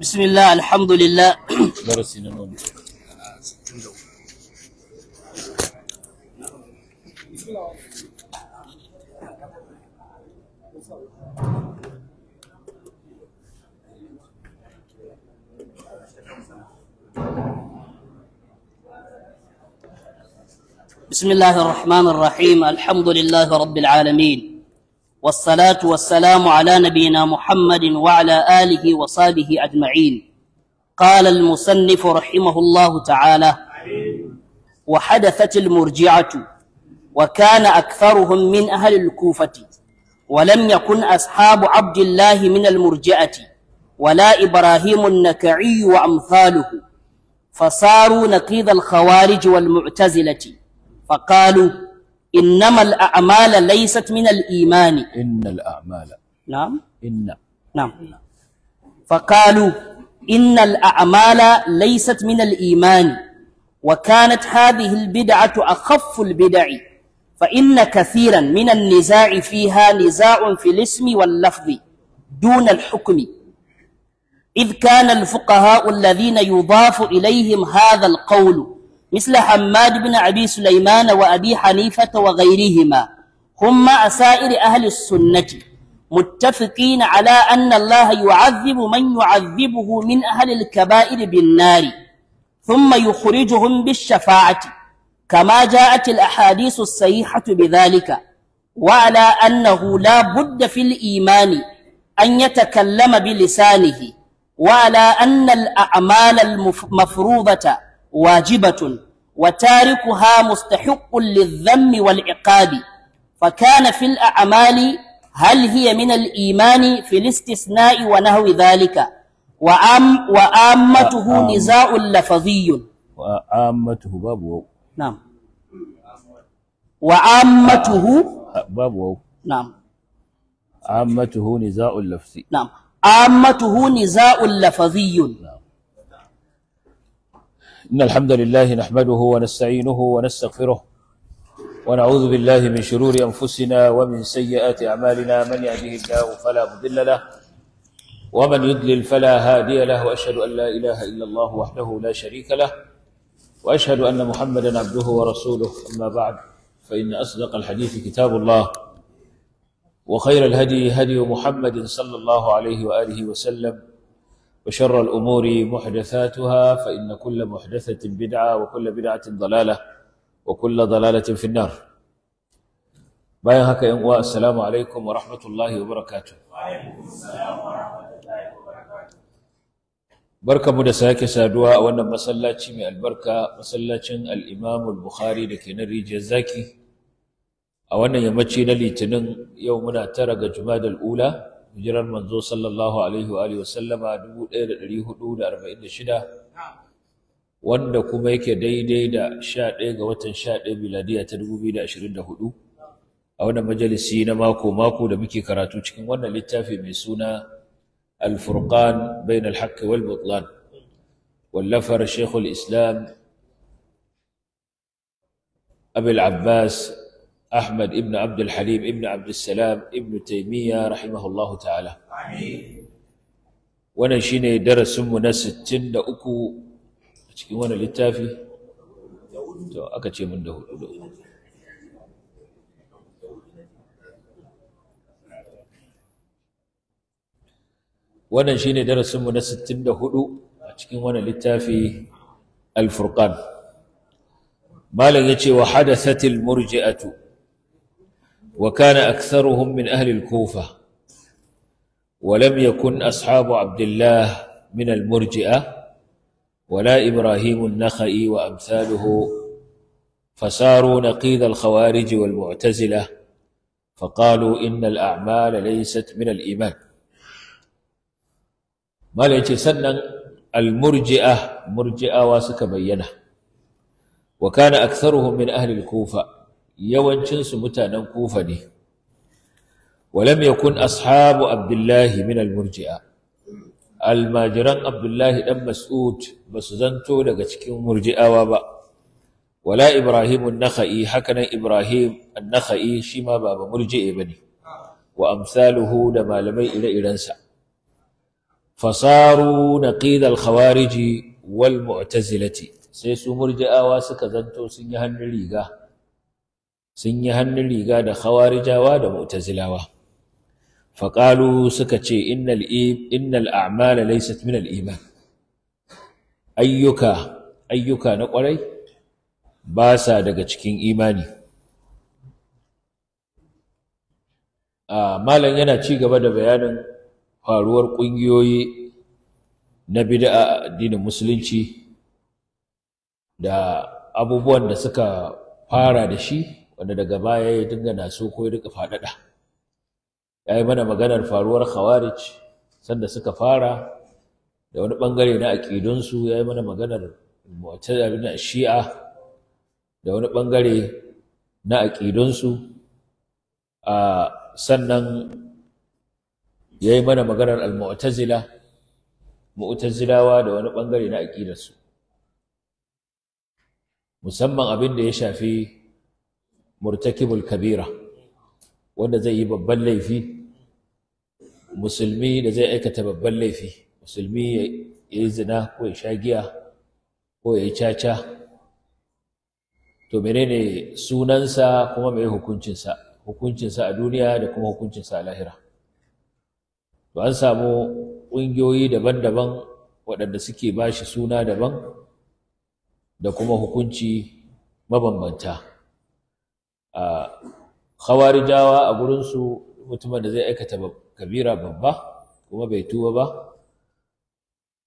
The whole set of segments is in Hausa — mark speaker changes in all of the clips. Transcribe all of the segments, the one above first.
Speaker 1: بسم الله الحمد لله بسم الله الرحمن الرحيم الحمد لله رب العالمين والصلاة والسلام على نبينا محمد وعلى آله وصحبه أجمعين قال المصنف رحمه الله تعالى وحدثت المرجعة وكان أكثرهم من أهل الكوفة ولم يكن أصحاب عبد الله من المرجعة ولا إبراهيم النكعي وأمثاله فصاروا نقيض الخوارج والمعتزلة فقالوا إنما الأعمال ليست من الإيمان إن الأعمال نعم إن نعم فقالوا إن الأعمال ليست من الإيمان وكانت هذه البدعة أخف البدع فإن كثيرا من النزاع فيها نزاع في الاسم واللفظ دون الحكم إذ كان الفقهاء الذين يضاف إليهم هذا القول مثل حماد بن أبي سليمان وأبي حنيفة وغيرهما هم أسائر أهل السنة متفقين على أن الله يعذب من يعذبه من أهل الكبائر بالنار ثم يخرجهم بالشفاعة كما جاءت الأحاديث الصحيحة بذلك وعلى أنه لا بد في الإيمان أن يتكلم بلسانه وعلى أن الأعمال المفروضة واجبة وتاركها مستحق للذم والعقاب فكان في الأعمال هل هي من الإيمان في الاستثناء ونحو ذلك وعام وعامته نزاع لفظي
Speaker 2: وعامته باب واو
Speaker 1: نعم وعامته آه، باب واو نعم عامته نزاع لفظي نعم عامته نزاع لفظي نعم
Speaker 2: إن الحمد لله نحمده ونستعينه ونستغفره ونعوذ بالله من شرور أنفسنا ومن سيئات أعمالنا من يهده الله فلا مضل له ومن يضلل فلا هادي له وأشهد أن لا إله إلا الله وحده لا شريك له وأشهد أن محمدا عبده ورسوله أما بعد فإن أصدق الحديث كتاب الله وخير الهدي هدي محمد صلى الله عليه وآله وسلم وشر الأمور محدثاتها فإن كل محدثة بدعة وكل بدعة ضلالة وكل ضلالة في النار باين هكا ينقوى السلام عليكم ورحمة الله وبركاته وعليكم السلام ورحمة الله وبركاته بركة مدساك سادوها وانا مسلاتي من البركة مسلاتي الإمام البخاري لكي نري جزاكي أولا يمتشي للي تنن يومنا ترق جماد الأولى hijirar manzo sallallahu alaihi wa alihi wasallama 1446 wanda kuma yake daidai da 11 ga watan 11 miladiya ta 2024 a wannan majalisi na mako mako da muke karatu cikin wannan littafi mai suna al-furqan bain al-haqq wal butlan wallafar shaykhul islam abul abbas أحمد ابن عبد الحليم ابن عبد السلام ابن تيمية رحمه الله تعالى آمين wannan shine darasin mu na 63 a cikin wannan littafi to aka ce mun da hudu da uku a cikin wannan littafi al murji'atu وكان أكثرهم من أهل الكوفة ولم يكن أصحاب عبد الله من المرجئة ولا إبراهيم النخعي وأمثاله فصاروا نقيض الخوارج والمعتزلة فقالوا إن الأعمال ليست من الإيمان ما ليش سنن المرجئة مرجئة واسك بينه وكان أكثرهم من أهل الكوفة yawancinsu mutanen kufa ne walam yakun ashabu abdullahi min almurji'a almajiran abdullahi dan mas'ud basu zanto daga cikin murji'awa ba wala ibrahim an-nakhai hakanan ibrahim an-nakhai shi ma ba murji'e bane wa amsaluhu da malamai ire-irensa fasaru naqid al-khawarij wal mu'tazilati sai su murji'awa suka zanto sun yi hannun riga sun yi hannun riga da khawarijawa da mu'tazilawa faƙalu suka ce innal a'mala laysat min al-iman ayyuka ayyuka na ƙwarai ba sa daga cikin imani malam yana ci gaba da bayanin faruwar ƙungiyoyi na bid'a addinin musulunci da abubuwan da suka fara da shi wanda daga baya ya dinga su ko ya dinga faɗaɗa ya yi mana maganar faruwar khawarij sanda suka fara da wani ɓangare na aƙidunsu ya yi mana maganar mu'tazila na shi'a da wani ɓangare na aƙidunsu a sannan ya yi mana maganar al-mu'tazila mu'tazilawa da wani ɓangare na aƙidarsu musamman abin da ya shafi murtakibul kabira wanda zai yi babban laifi musulmi da zai aikata babban laifi musulmi ya yi zina ko ya sha giya ko ya yi caca to menene sunansa kuma mai hukuncinsa hukuncinsa a duniya da kuma hukuncinsa a lahira to an samu ƙungiyoyi daban-daban waɗanda suke ba shi suna daban da kuma hukunci mabambanta khawarijawa a gurinsu mutumin da zai aikata kabira babba kuma bai tuba ba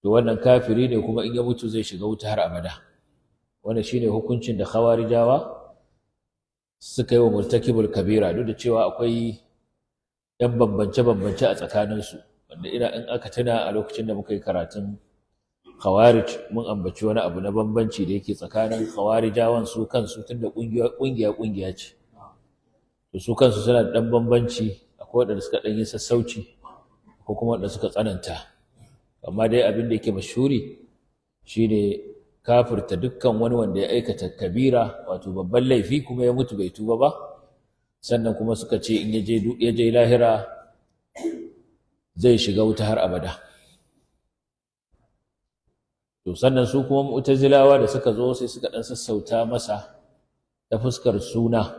Speaker 2: to wannan kafiri ne kuma in ya mutu zai shiga wuta har abada wannan shine hukuncin da khawarijawa suka yi wa murtakibul kabira duk da cewa akwai yan bambance bambance a tsakaninsu wanda ina in aka tuna a lokacin da muka yi karatun khawarij mun ambaci wani abu na bambanci da yake tsakanin khawarijawan su kansu tunda kungiya kungiya kungiya ce to su kansu suna da ɗan bambanci akwai waɗanda suka ɗan yi sassauci ko kuma waɗanda suka tsananta amma dai abin da yake mashuri shine kafirta dukkan wani wanda ya aikata kabira wato babban laifi kuma ya mutu bai tuba ba sannan kuma suka ce in ya je lahira zai shiga wuta har abada to sannan su kuma mu'tazilawa da suka zo sai suka ɗan sassauta masa ta fuskar suna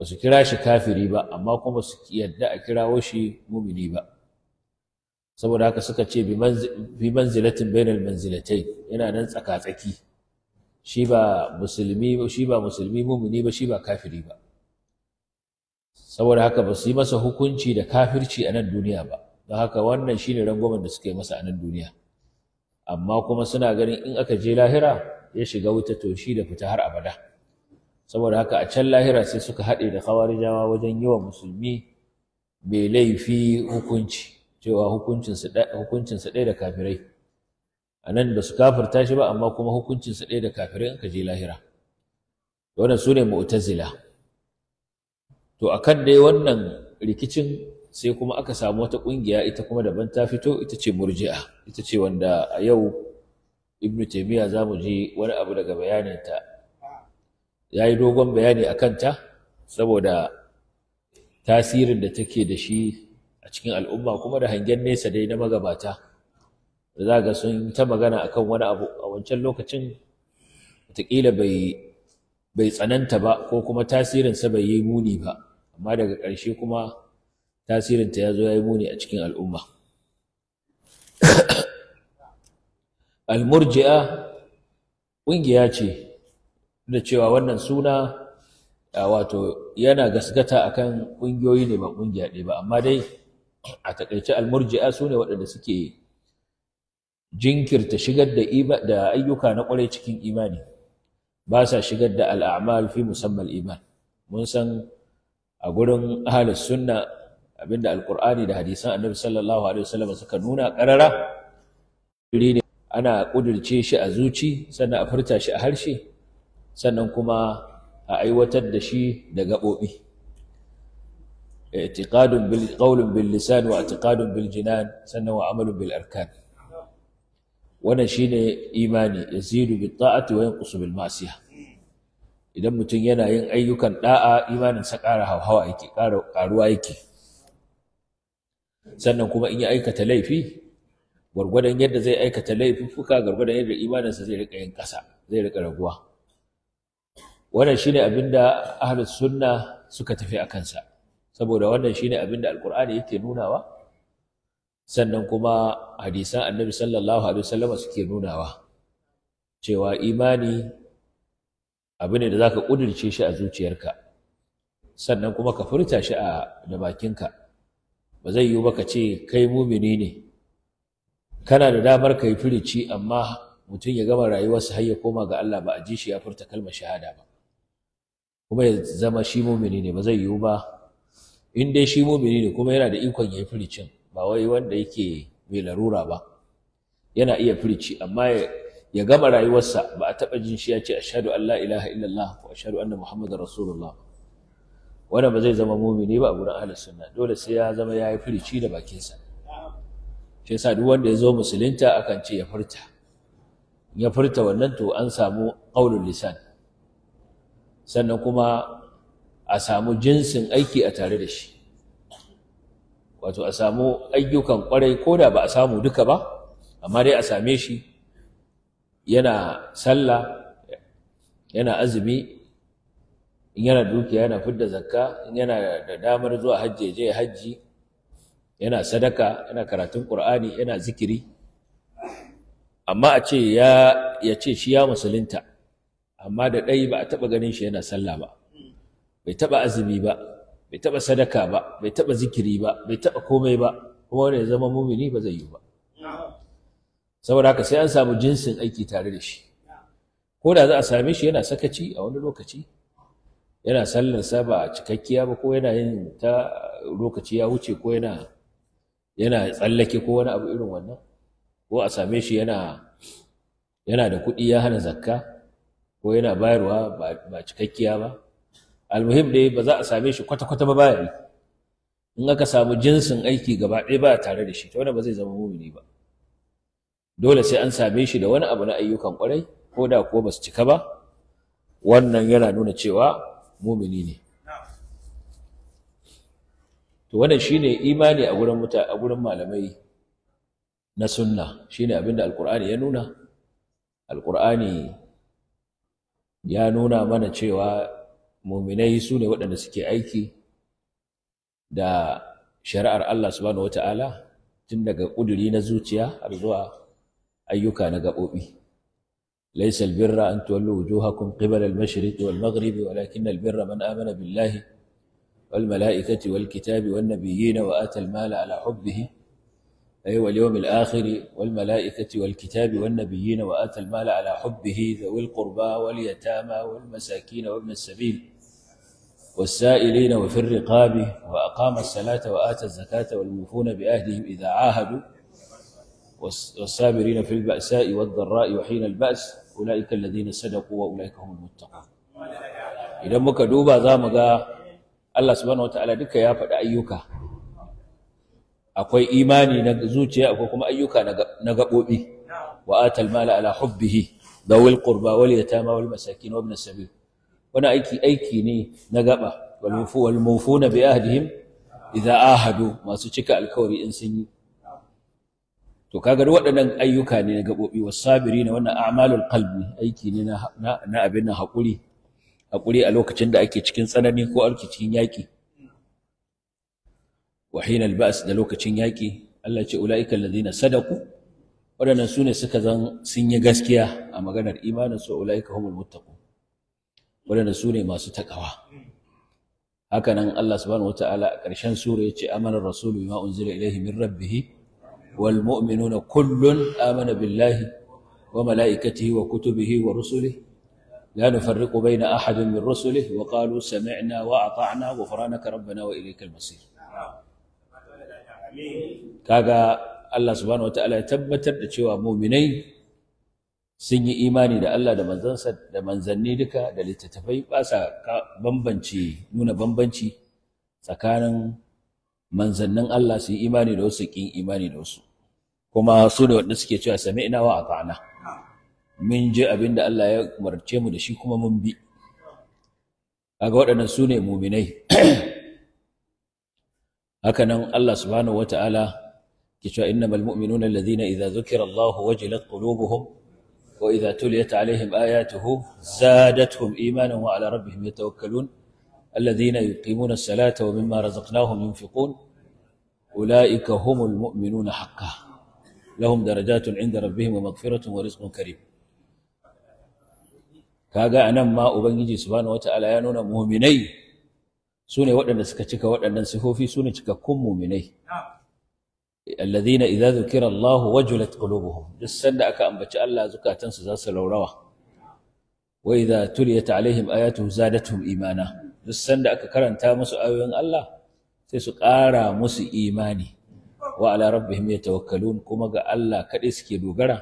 Speaker 2: ba su kira shi kafiri ba amma kuma su yadda a kirawo shi mumini ba saboda haka suka ce bi manzilatin bainal manzilatai yana nan tsaka-tsaki shi ba musulmi shi ba mumini ba shi ba kafiri ba saboda haka ba su yi masa hukunci da kafirci a nan duniya ba don haka wannan shine rangwamen da suka masa a nan duniya amma kuma suna ganin in aka je lahira ya shiga wuta to shi da fita har abada saboda haka a can lahira sai suka haɗe da khawarijawa wajen yi wa musulmi mai laifi hukunci cewa hukuncinsa ɗaya da kafirai a nan da su kafirta shi ba amma kuma hukuncinsa ɗaya da kafirai in ka je lahira wannan su ne mu'tazila to a kan dai wannan rikicin sai kuma aka samu wata ƙungiya ita kuma daban ta fito ita ce murji'a ita ce wanda a yau ibnu taymiya za mu je wani abu daga bayaninta ya yi dogon bayani a kanta saboda tasirin da take da shi a cikin al'umma kuma da hangen nesa dai na magabata da za ga sun ta magana a kan wani abu a wancan lokacin wataƙila bai tsananta ba ko kuma tasirinsa bai yi muni ba amma daga ƙarshe kuma tasirinta ya zo ya yi muni a cikin al'umma almurji'a ƙungiya ce da cewa wannan suna wato yana gaskata akan ƙungiyoyi ne ba ƙungiya ɗaya ba amma dai a taƙaice almurji'a su ne waɗanda suke jinkirta shigar da ayyuka na ƙwarai cikin imani ba sa shigar da al'amal fi musamman iman mun san a gurin ahlus sunna abinda alqur'ani da hadisan annabi sallallahu alaihi wasallam suka nuna ƙarara ana ƙudurce shi a zuci sannan a furta shi a harshe sannan kuma a aiwatar da shi da gaɓoɓi i'tiqadun bil qawlun bil lisan wa i'tiqadun bil jinan sannan wa amalun bil arkan wannan shine imani yazidu bit ta'ati wa yanqusu bil ma'siyah idan mutum yana yin ayyukan da'a imaninsa ƙara hauhawa yake ƙaruwa yake sannan kuma in ya aikata laifi gwargwadon yadda zai aikata laifuka gwargwadon yadda imaninsa zai riƙa zai riƙa raguwa wannan shine abin da ahlus sunna suka tafi a kansa saboda wannan shine abin da alqur'ani yake nunawa sannan kuma hadisan annabi sallallahu alaihi wasallam suke nunawa cewa imani abu ne da zaka kudurce shi a zuciyarka sannan kuma ka furta shi a da bakinka ba zai yiwu ba ka ce kai mumini ne kana da damar ka yi firici amma mutum ya gama rayuwarsa har ya koma ga Allah ba a ji shi ya furta kalmar shahada ba kuma ya zama shi mumini ne ba zai yiwu ba in dai shi mumini ne kuma yana da ikon ya yi firicin ba wai wanda yake mai larura ba yana iya firici amma ya gama rayuwarsa ba a taɓa jin shi ya ce ashadu an la ilaha illallah ko ashadu anna muhammadu rasulullah wannan ba zai zama mumini ba a gurin ahlus sunna dole sai ya zama ya yi firici da bakinsa shi yasa duk wanda ya zo musulunta akan ce ya furta ya furta wannan to an samu qaulul lisan sannan kuma a samu jinsin aiki a tare da shi wato a samu ayyukan kwarai ko da ba a samu duka ba amma dai a same shi yana sallah yana azumi in yana dukiya yana fidda zakka in yana da damar zuwa hajji je hajji yana sadaka yana karatun qur'ani yana zikiri amma a ce ya ya ce shi ya musulunta amma da ɗai ba a taɓa ganin shi yana sallah ba bai taɓa azumi ba bai taɓa sadaka ba bai taɓa zikiri ba bai taɓa komai ba kuma wanda ya zama mumini ba zai yi ba saboda haka sai an samu jinsin aiki tare da shi ko da za a same shi yana sakaci a wani lokaci yana sallar sa ba cikakkiya ba ko yana yin ta lokaci ya wuce ko yana yana tsallake ko wani abu irin wannan ko a same shi yana yana da kuɗi ya hana zakka ko yana bayarwa ba cikakkiya ba almuhim dai ba za a same shi kwata-kwata ba baya in aka samu jinsin aiki gaba ɗaya ba tare da shi ta wanda ba zai zama mumini ba dole sai an same shi da wani abu na ayyukan kwarai ko da kuwa ba su cika ba wannan yana nuna cewa mumini ne to wannan shine imani a gurin muta a gurin malamai na sunna shine abinda alqur'ani ya nuna alqur'ani ya nuna mana cewa muminai sune waɗanda suke aiki da shari'ar Allah subhanahu wata'ala tun daga ƙuduri na zuciya har zuwa ayyuka na gaɓoɓi Laisal birra, an tuwallu wujuhakum qibala al-mashriqi wal maghribi walakin albirra man amana billahi wal mala'ikati wal kitabi wan nabiyyina wa ata al-mala ala hubbihi أي أيوة، واليوم الآخر والملائكة والكتاب والنبيين وآتى المال على حبه ذوي القربى واليتامى والمساكين وابن السبيل والسائلين وفي الرقاب وأقام الصلاة وآتى الزكاة والموفون بأهلهم إذا عاهدوا والصابرين في البأساء والضراء وحين البأس أولئك الذين صدقوا وأولئك هم المتقون إذا مكدوبا ذا مقا الله سبحانه وتعالى دك يا فد أيوكا akwai imani na zuciya akwai kuma ayyuka na gaɓoɓi wa atal mala ala hubbihi da wil qurba wal yatama wal masakin wa ibn sabil wani aiki aiki ne na gaba wal mufu wal mufuna bi ahdihim idza ahadu masu cika alkawari in sun yi to kaga waɗannan ayyuka ne na gaɓoɓi wasabiri na wannan a'malul qalbi aiki ne na na abin nan hakuri hakuri a lokacin da ake cikin tsanani ko ake cikin yaƙi وحين البأس دلوك تشينياكي الله أولئك الذين صدقوا ولن نسون سكذا سينيغاسكيا أما كان الإيمان سو أولئك هم المتقون ولن نسون ما ستكوا هكذا الله سبحانه وتعالى كرشان سورة أمن الرسول بما أنزل إليه من ربه والمؤمنون كل آمن بالله وملائكته وكتبه ورسله لا نفرق بين أحد من رسله وقالوا سمعنا وأطعنا غفرانك ربنا وإليك المصير kaga Allah subhanahu wataala ya tabbatar da cewa mu'minai sun yi imani da Allah da manzansa da manzanni duka da littattafai ba sa bambanci nuna bambanci tsakanin manzannin Allah su yi imani da wasu kin imani da wasu kuma su da wanda suke cewa sami'na wa ata'na mun ji abin da Allah ya umarce mu da shi kuma mun bi kaga waɗannan su ne muminai هكذا الله سبحانه وتعالى كتب إنما المؤمنون الذين إذا ذكر الله وجلت قلوبهم وإذا تليت عليهم آياته زادتهم إيمانا وعلى ربهم يتوكلون الذين يقيمون الصلاة ومما رزقناهم ينفقون أولئك هم المؤمنون حقا لهم درجات عند ربهم ومغفرة ورزق كريم كاغا أنما ما أبنجي سبحانه وتعالى يانون مؤمنين su ne waɗanda suka cika waɗannan sifofi su ne cikakkun muminai alladhina idza dhukira Allah wajilat qulubuhum duk sanda aka ambaci Allah zukatansu za su laurawa wa idza tuliyat alaihim ayatuhu zadatuhum imana duk sanda aka karanta musu ayoyin Allah sai su ƙara musu imani wa ala rabbihim tawakkalun kuma ga Allah kaɗai suke dogara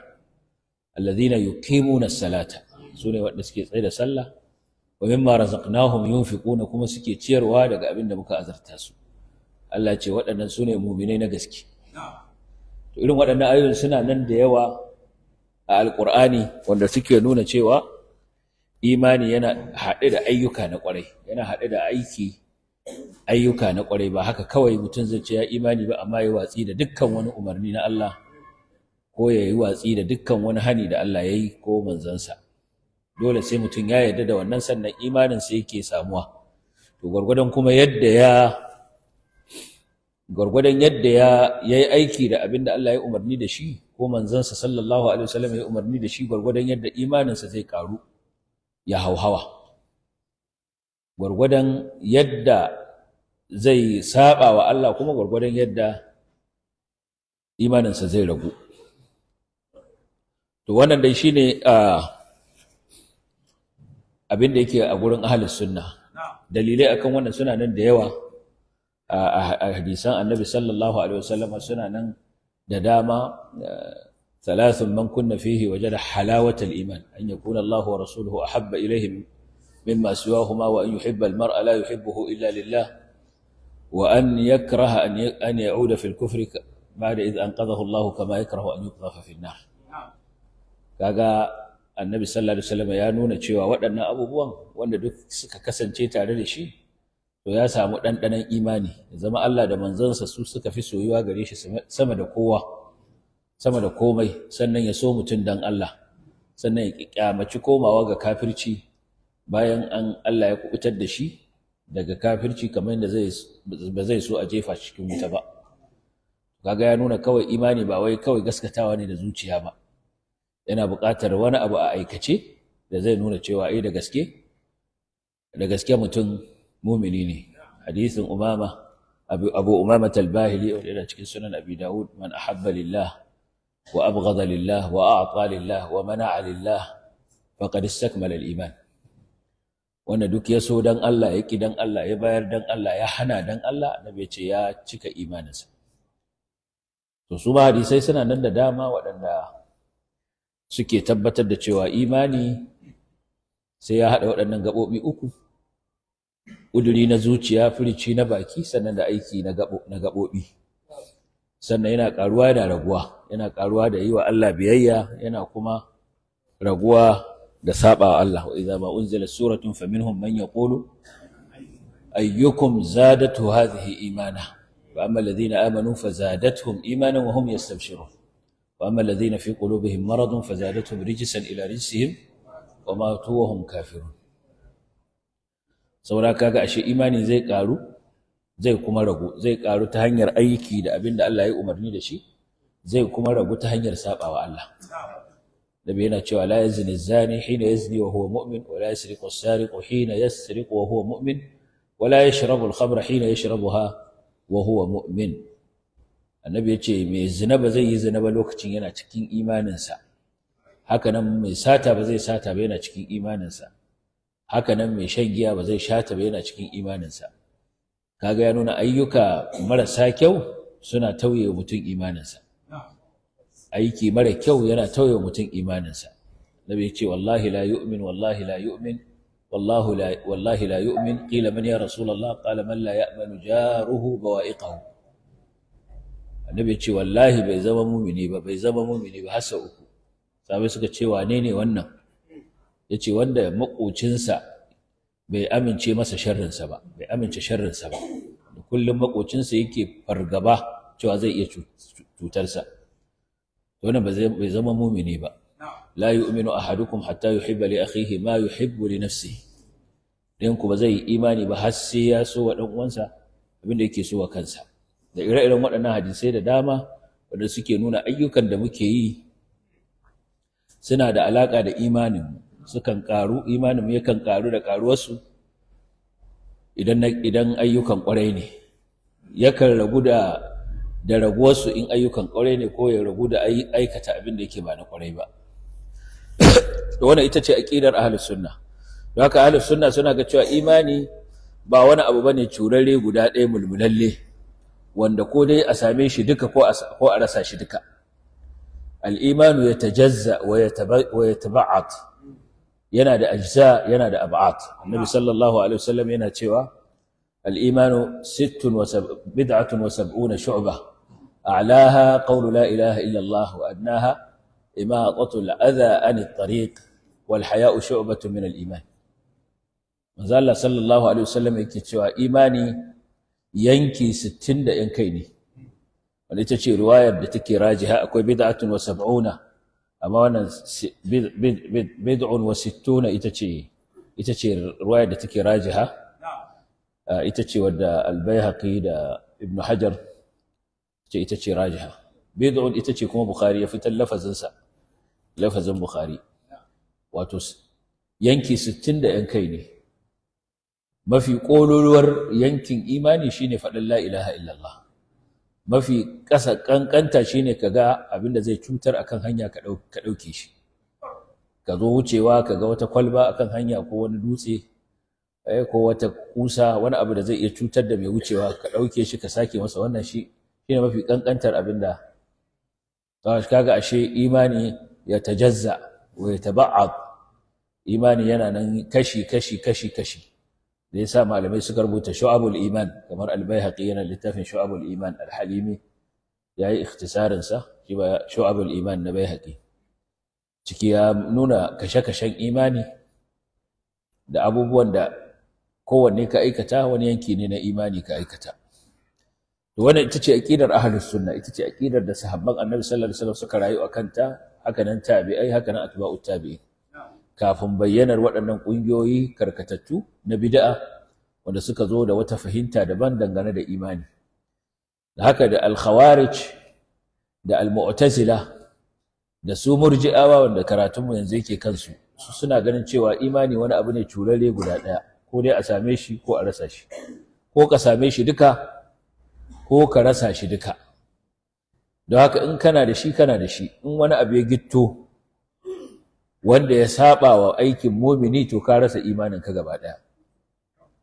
Speaker 2: alladhina yuqimuna salata sune wanda suke tsaye da sallah wa mimma razaqnahum yunfiquna kuma suke ciyarwa daga abin da muka azarta su Allah ce waɗannan su ne muminai na gaske to irin waɗannan ayoyin suna nan da yawa a alƙur'ani wanda suke nuna cewa imani yana haɗe da ayyuka na ƙwarai yana haɗe da aiki ayyuka na ƙwarai ba haka kawai mutum zai ce ya imani ba amma ya watsi da dukkan wani umarni na Allah ko ya yi watsi da dukkan wani hani da Allah ya yi ko manzansa dole sai mutum ya yarda da wannan sannan imanin sai yake samuwa to kuma yadda ya gwargwadon yadda ya yayi aiki da abinda da Allah ya umarni da shi ko manzansa sallallahu alaihi wasallam ya umarni da shi gwargwadon yadda imaninsa zai karu ya hauhawa gwargwadon yadda zai saba wa Allah kuma gwargwadon yadda imaninsa zai ragu to wannan dai shine a ah, abin da yake a gurin ahlus sunna dalilai akan wannan suna nan da yawa a hadisan annabi sallallahu alaihi wasallam suna nan da dama thalathun man kunna fihi wajada halawatal iman an yakuna Allahu wa rasuluhu ahabba ilayhim min siwahuma wa an yuhibba al mar'a la yuhibbuhu illa lillah wa an yakraha an an ya'uda fil kufri ba'da id anqadhahu Allahu kama yakrahu an yuqdha fi an kaga annabi sallallahu alaihi wasallam ya nuna cewa waɗannan abubuwan wanda duk suka kasance tare da shi to ya samu ɗanɗanon imani ya zama Allah da manzansa su suka fi soyuwa gare shi sama da kowa sama da komai sannan ya so mutum dan Allah sannan ya kyamaci komawa ga kafirci bayan an Allah ya kubutar da shi daga kafirci kamar da zai ba zai so a jefa cikin wuta ba gaga ya nuna kawai imani ba wai kawai gaskatawa ne da zuciya ba yana buƙatar wani abu a aikace da zai nuna cewa ai eh, da gaske da gaske mutum mumini ne hadisin umama abu, abu umama talbahili yana cikin sunan abi dawud man ahabba lillah wa abghadha lillah wa a'ta lillah wa mana'a lillah faqad istakmala al-iman wanda duk ya so dan Allah ya ki dan Allah ya bayar dan Allah ya hana dan Allah annabi ya ce ya cika imaninsa to su ba hadisai suna nan da dama waɗanda suke tabbatar da cewa imani sai ya haɗa waɗannan gaɓoɓi uku ƙuduri na zuciya firici na baki sannan da aiki na gaɓoɓi sannan yana ƙaruwa yana raguwa yana ƙaruwa da yi wa Allah biyayya yana kuma raguwa da saɓa wa Allah wa ma unzila suratun faminhum manya yaqulu ayyukum zadatu hadhihi imana fa amma alladhina amanu fazadatuhum imanan wa hum yastabshirun وأما الذين في قلوبهم مرض فزادتهم رجسا إلى رجسهم وماتوا وهم كافرون saura kaga ashe imani zai karu zai kuma ragu ta hanyar aiki da abin da Allah ya umarni da shi zai kuma ragu ta hanyar sabawa Allah nabi yana cewa la yazni zani hina yazni wa huwa mu'min wa la yasriqu as-sariqu hina yasriqu wa huwa wa huwa mu'min annabi ya ce mai zina ba zai yi zina ba lokacin yana cikin imaninsa hakanan mai sata ba zai sata ba yana cikin imaninsa hakanan mai shan giya ba zai shata ba yana cikin imaninsa kaga ya nuna ayyuka marasa kyau suna tauye mutum imaninsa aiki mara kyau yana tauye mutum imaninsa nabi ya ce wallahi la yu'min wallahi la yu'min والله لا والله لا يؤمن قيل من يا رسول الله قال من لا annabi ce wallahi bai zama mumini ba bai zama mumini ba har sau uku sabai suka ce wane ne wannan ya ce wanda maƙocinsa bai amince masa sharrinsa ba bai amince sharrinsa ba da kullum maƙocinsa yake fargaba cewa zai iya cutarsa wannan bai zama mumini ba la yu'minu ahadukum hatta yuhibba li akhihi ma yuhibbu li nafsihi dan ku ba zai imani ba har sai ya so wa dan uwansa abin da yake so wa kansa da ire-iren waɗannan hadisai da dama wanda suke nuna ayyukan da muke yi suna da alaƙa da imanin sukan ƙaru imanin yakan ƙaru da ƙaruwarsu idan idan ayyukan ƙwarai ne yakan ragu da da raguwarsu in ayyukan ƙwarai ne ko ya ragu da aikata abin da yake ba na ƙwarai ba wannan ita ce a ahlus sunna don haka ahlus sunna suna ga cewa imani ba wani abu bane curare guda ɗaya mulmulalle wanda ko dai a same shi duka ko a rasa shi duka al'imanu ya tajazza wa ya taba'at yana da ajza yana da ab'at annabi sallallahu alaihi wasallam yana cewa al'imanu sittun wa bid'atun wa sab'una shu'ba a'laha qawlu la ilaha illa Allah wa adnaha imatatu al-adha an at-tariq wal haya'u shu'batun min al-iman manzo Allah sallallahu alaihi wasallam yake cewa imani yanki 60 da yan kai ne wanda ita ce riwayar da take rajiha akwai bid'atun wa sab'una amma wannan bid'un wa sittuna ita ce ita ce riwayar da take rajiha ah, ita ce wadda al-baihaqi da ibn hajar ce ita ce rajiha bid'un ita ce kuma bukhari ya fitar lafazinsa lafazin bukhari wato yanki 60 da kai ne mafi ƙololuwar yankin imani shine faɗin la ilaha illallah mafi ƙasa ƙanƙanta shine ka ga abin da zai cutar akan hanya ka ɗauke shi ka zo wucewa ka ga wata kwalba akan hanya ko wani dutse eh, ko wata kusa wani abu da zai iya cutar da mai wucewa ka ɗauke shi ka sake masa wannan shi shine mafi ƙanƙantar abin da ah, kaga ashe imani ya tajazza wai ya ba'a imani yana nan kashi kashi kashi kashi da yasa malamai suka rubuta shu'abul iman kamar albayhaqi yana littafin shu'abul iman alhalimi ya yi ikhtisarin sa shi ba shu'abul iman na baihaqi ciki ya nuna kashe-kashen imani da abubuwan da kowanne ka aikata wani yanki ne na imani ka aikata to wannan ita ce aqidar ahlus sunna ita ce aqidar da sahabban annabi sallallahu alaihi wasallam suka rayu akan ta haka nan tabi'ai haka nan atba'ut tabi'in kafin bayyanar waɗannan ƙungiyoyi karkatattu na bid'a wanda suka zo da wata fahimta daban dangane da imani da haka da Alkhawarij da al da su murji'awa wanda karatunmu yanzu yake kansu su suna ganin cewa imani wani abu ne curare guda ɗaya ko dai a same shi ko a rasa shi ko ka same shi duka ko ka rasa shi duka don haka in kana da shi kana da shi in wani abu ya gitto wanda ya saba wa aikin mumini to ka rasa imanin ka gaba daya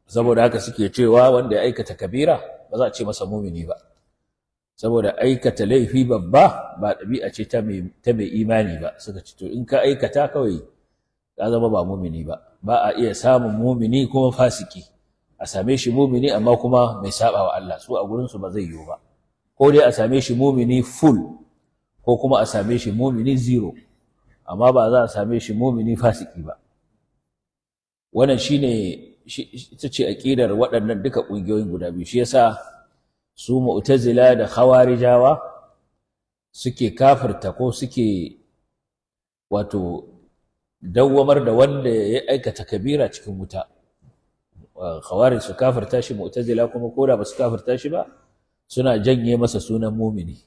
Speaker 2: saboda haka suke cewa wanda ya aikata kabira ba za a ce masa mumini ba saboda aikata laifi babba ba ɗabi'a ce ta mai imani ba suka ce to in ka aikata kawai ka zama ba mumini ba ba a iya samun mumini kuma fasiki a same shi mumini amma kuma mai saba wa Allah su a gurin su ba zai yiwu ba ko dai a same shi mumini full ko kuma a same shi mumini zero amma ba za a same shi mumini fasiki ba wannan shine ita ce aqidar waɗannan duka ƙungiyoyin guda biyu shi yasa su mu'tazila da khawarijawa suke kafirta ko suke wato dawwamar da wanda ya aikata kabira cikin wuta khawarij su kafirta shi mu'tazila kuma koda ba su kafirta shi ba suna janye masa sunan mumini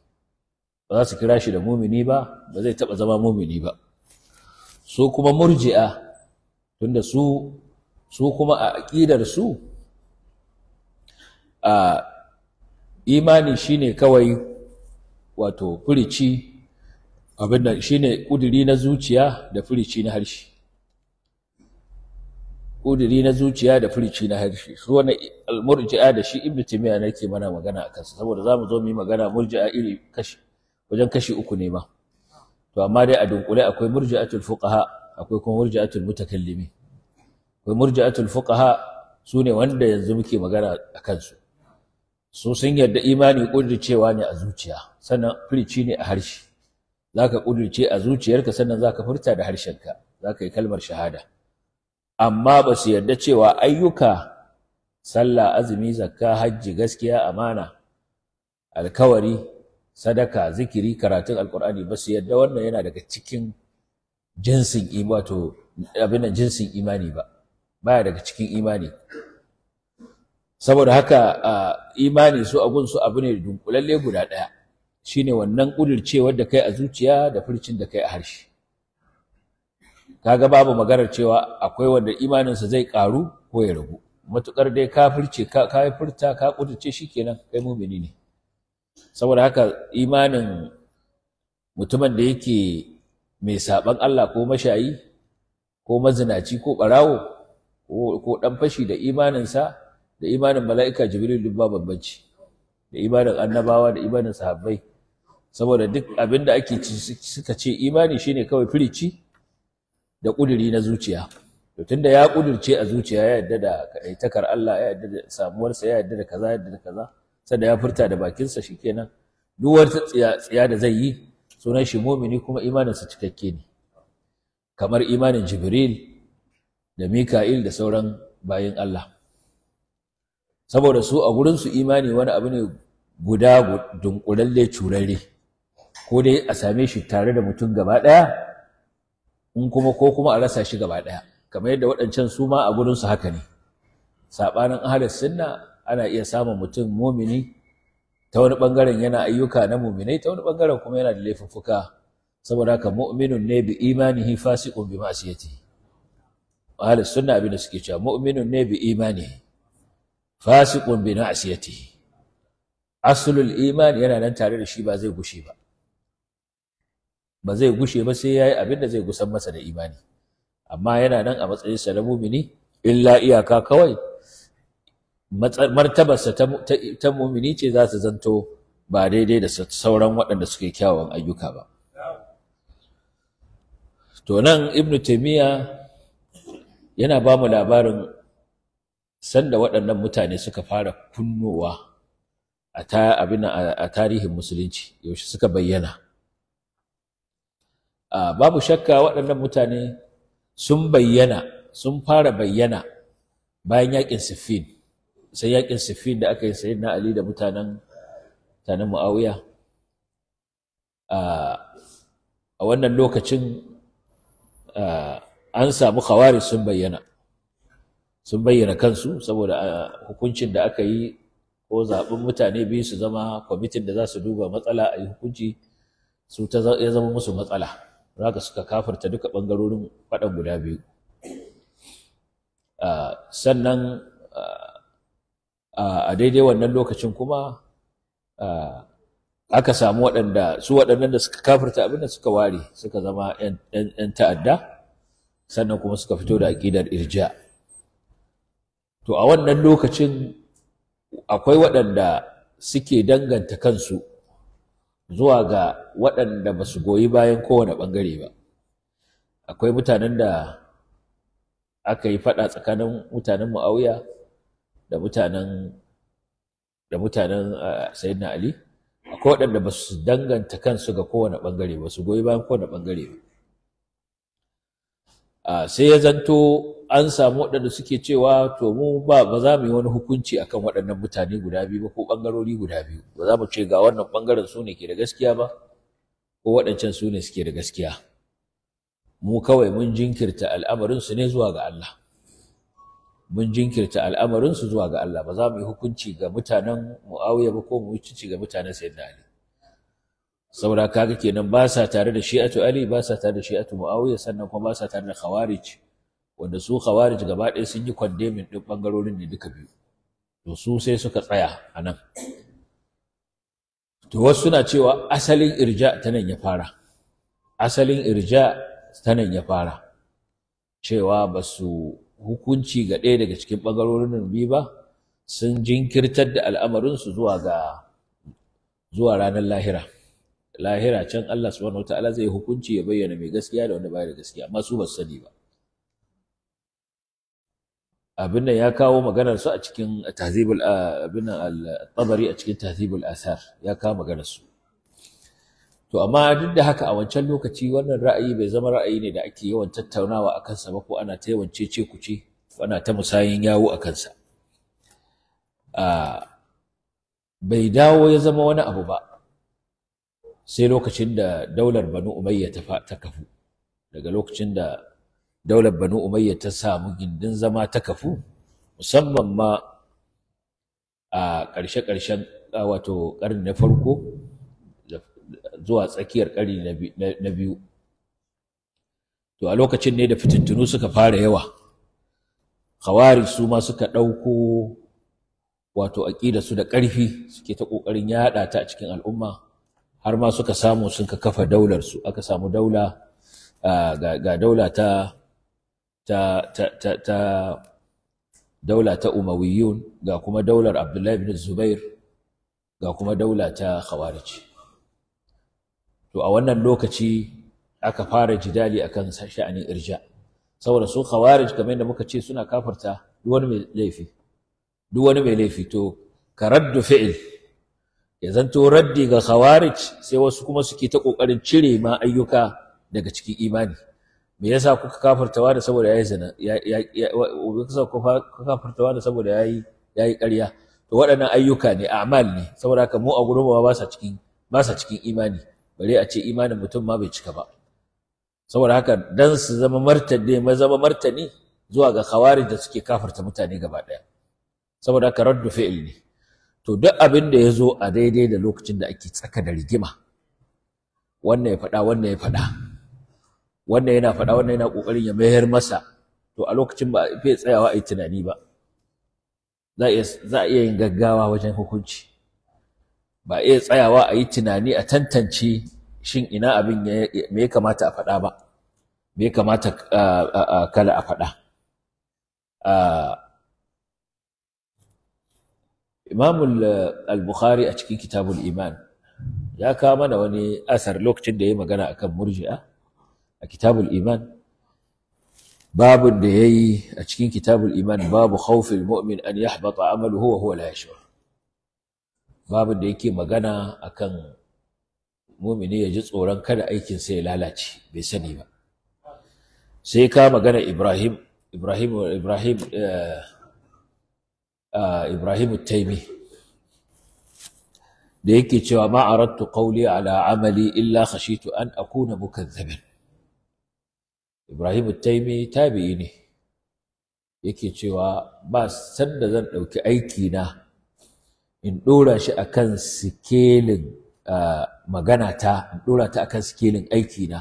Speaker 2: ba za su kira shi da mumini ba ba zai taɓa zama mumini ba su kuma murji'a tunda su su kuma a aƙidar su a imani shine kawai wato furici abin shine ƙuduri na zuciya da furici na harshe ƙuduri na zuciya da furici na harshe su wani almurji'a da shi ibnu timiya nake mana magana a kansa saboda za mu zo mu yi magana murji'a iri kashi wajen kashi uku ne ma to amma dai a dunkule akwai murji'atul fuqaha akwai kuma murji'atul mutakallimi akwai murji'atul fuqaha su ne wanda yanzu muke magana a kansu su sun yarda imani kudircewa ne a zuciya sannan firici ne a harshe zaka kudirce a zuciyarka sannan zaka furta da harshenka zaka yi kalmar shahada amma ba su yarda cewa ayyuka sallah azumi zakka hajji gaskiya amana alkawari sadaka zikiri karatun alkur'ani ba su yadda wannan yana daga cikin jinsin wato abin jinsin imani ba baya daga cikin imani saboda haka imani su a su abu ne dunkulalle guda ɗaya shine wannan ƙudircewar da kai a zuciya da furcin da kai a harshe ga babu maganar cewa akwai wanda imaninsa zai karu ko ya ragu matukar dai ka furce ka furta ka kenan shikenan kai mumini ne saboda haka imanin mutumin da yake mai saɓan Allah ko mashayi ko mazinaci ko ɓarawo ko ɗan fashi da imaninsa da imanin mala'ika jibril duk ba bambanci da imanin annabawa da imanin sahabbai saboda duk abin da ake suka ce imani shine kawai firici da ƙuduri na zuciya to tunda ya ƙudurce a zuciya ya yadda da kaɗaitakar Allah ya yadda da samuwarsa ya yadda da kaza ya yadda da kaza sanda ya furta da bakinsa shikenan duk wata tsiya da zai yi sunan shi mumini kuma imaninsa cikakke ne kamar imanin jibril da mika'il da sauran bayin Allah saboda su a gurinsu imani wani abu ne guda dunkulalle curare ko dai a same shi tare da mutum gaba ɗaya in kuma ko kuma a rasa shi gaba ɗaya kamar yadda waɗancan su ma a gurinsu haka ne saɓanin ahalar sunna ana iya samun mutum mumini ta wani ɓangaren yana ayyuka na muminai ta wani ɓangaren kuma yana da laifuffuka saboda haka mu'minun ne bi imanihi fasiqun bi ma'siyati ahlus sunna abin da suke cewa mu'minun ne bi imanihi fasiqun bi ma'siyati aslul iman yana nan tare da shi ba zai gushe ba ba zai gushe ba sai yayi abin da zai gusan masa da imani amma yana nan a matsayinsa na mumini illa iyaka kawai martabarsa ta mumini ce za ta zanto ba daidai da sauran waɗanda suke kyawun ayyuka ba to nan ibnu taimiyya yana ba mu labarin sanda waɗannan mutane suka fara kunnowa a tarihin musulunci yaushe suka bayyana babu shakka waɗannan mutane sun bayyana sun fara bayyana bayan yakin siffin sai yakin siffin da aka yi na ali da mutanen mutanen muawiya a wannan lokacin an samu khawari sun bayyana sun bayyana kansu saboda hukuncin da aka yi ko zaɓin mutane biyu su zama kwamitin da za su duba matsala a yi hukunci su ta ya zama musu matsala haka suka kafarta duka ɓangarorin faɗan guda biyu sannan a daidai wannan lokacin kuma aka samu waɗanda su waɗannan da suka kafirta abin da suka ware suka zama 'yan ta'adda sannan kuma suka fito da aƙidar irja to a wannan lokacin akwai waɗanda suke danganta kansu zuwa ga waɗanda ba su goyi bayan kowane ɓangare ba akwai mutanen da aka yi faɗa tsakanin mutanen mu'awiya da mutanen da mutanen sayyidina ali akwai waɗanda ba su danganta kansu ga kowane ɓangare ba su goyi bayan kowane ɓangare ba sai ya zanto an samu waɗanda suke cewa to mu ba ba za mu yi wani hukunci akan waɗannan mutane guda biyu ba ko ɓangarori guda biyu ba za mu ce ga wannan ɓangaren su ne ke da gaskiya ba ko waɗancan su ne suke da gaskiya mu kawai mun jinkirta al'amarinsu ne zuwa ga Allah mun jinkirta al'amarinsu zuwa ga Allah ba za mu yi hukunci ga mutanen Muawiya ba ko mu hukunci ga mutanen Sayyidina Ali saboda kaga kenan ba sa tare da Shi'atu Ali ba sa tare da Shi'atu Muawiya sannan kuma ba sa tare da Khawarij wanda su Khawarij gaba ɗaya sun yi kwandemin ɗin ɓangarorin ne duka biyu to su sai suka tsaya a nan to wasu suna cewa asalin irja ta nan ya fara asalin irja ta nan ya fara cewa ba su hukunci ga ɗaya daga cikin ɓangarorin nan biyu ba sun jinkirtar da al'amarinsu zuwa ga zuwa ranar lahira lahira can Allah subhanahu zai zai hukunci ya bayyana mai gaskiya da wanda baya da gaskiya amma su ba su sani ba abin nan ya kawo maganar su a cikin tahzibul abin nan al-tabari a cikin tahzibul asar ya kawo maganar su to amma duk da haka a wancan lokaci wannan ra'ayi bai zama ra'ayi ne da ake yawan tattaunawa a kansa ba ko ana ta yawan cece kuce ana ta musayin yawo a kansa bai dawo ya zama wani abu ba sai lokacin da daular banu umayya ta kafu daga lokacin da daular banu umayya ta samu gindin zama ta kafu musamman ma a ƙarshe-ƙarshen wato ƙarni na farko zuwa tsakiyar ƙari na biyu to a lokacin ne da fitintunu suka fara yawa khawari su ma suka ɗauko wato aƙida su da ƙarfi suke ta ƙoƙarin yaɗa ta a cikin al'umma har ma suka samu sun ka kafa daular su aka samu daula ga daula ta ta ta ta ta daula ta umawiyun ga kuma daular abdullahi bin zubair ga kuma daula ta khawarij to a wannan lokaci aka fara jidali akan sha'anin irja saboda su khawarij kamar da muka ce suna kafarta duk wani mai laifi duk wani mai laifi to ka raddu fi'il ya zanto raddi ga khawarij sai wasu kuma suke ta kokarin cire ma ayyuka daga cikin imani me yasa kuka kafartawa da saboda yayi zina ya ya kuka kafartawa da saboda yayi yayi ƙarya to waɗannan ayyuka ne a'mal ne saboda haka mu a gurin ba sa cikin ba sa cikin imani Bari a ce imanin mutum ma bai cika ba saboda haka dan su zama martani ma zama martani zuwa ga khawarij da suke kafarta mutane gaba daya saboda haka raddu fi'il ne to duk abin da ya zo a daidai da lokacin da ake tsaka da rigima wannan ya fada wannan ya fada wannan yana fada wannan yana ƙoƙarin ya mayar masa to a lokacin ba a tsayawa a yi tunani ba za a iya yin gaggawa wajen hukunci ba iya tsayawa a yi tunani a tantance shin ina abin me ya kamata a faɗa ba me ya kamata kala a faɗa imamul eh, al-bukhari a cikin kitabul iman ya kawo mana wani asar lokacin da ya magana akan murji'a a kitabul iman babun da ya yi a cikin kitabul iman babu khawfil mu'min an yahbata amaluhu wa huwa la yashur babin da yake magana akan mumini ya ji tsoron kada aikinsa ya lalace bai sani ba sai ka magana ibrahim ibrahim ibrahim eh, eh, ibrahim taimi da yake cewa ma aradtu qawli ala amali illa khashitu an akuna mukazzaban ibrahim taimi tabi'i ne yake cewa ba sanda zan ɗauki aiki na in ɗora shi akan sikelin magana ta in ɗora ta akan sikelin aikina,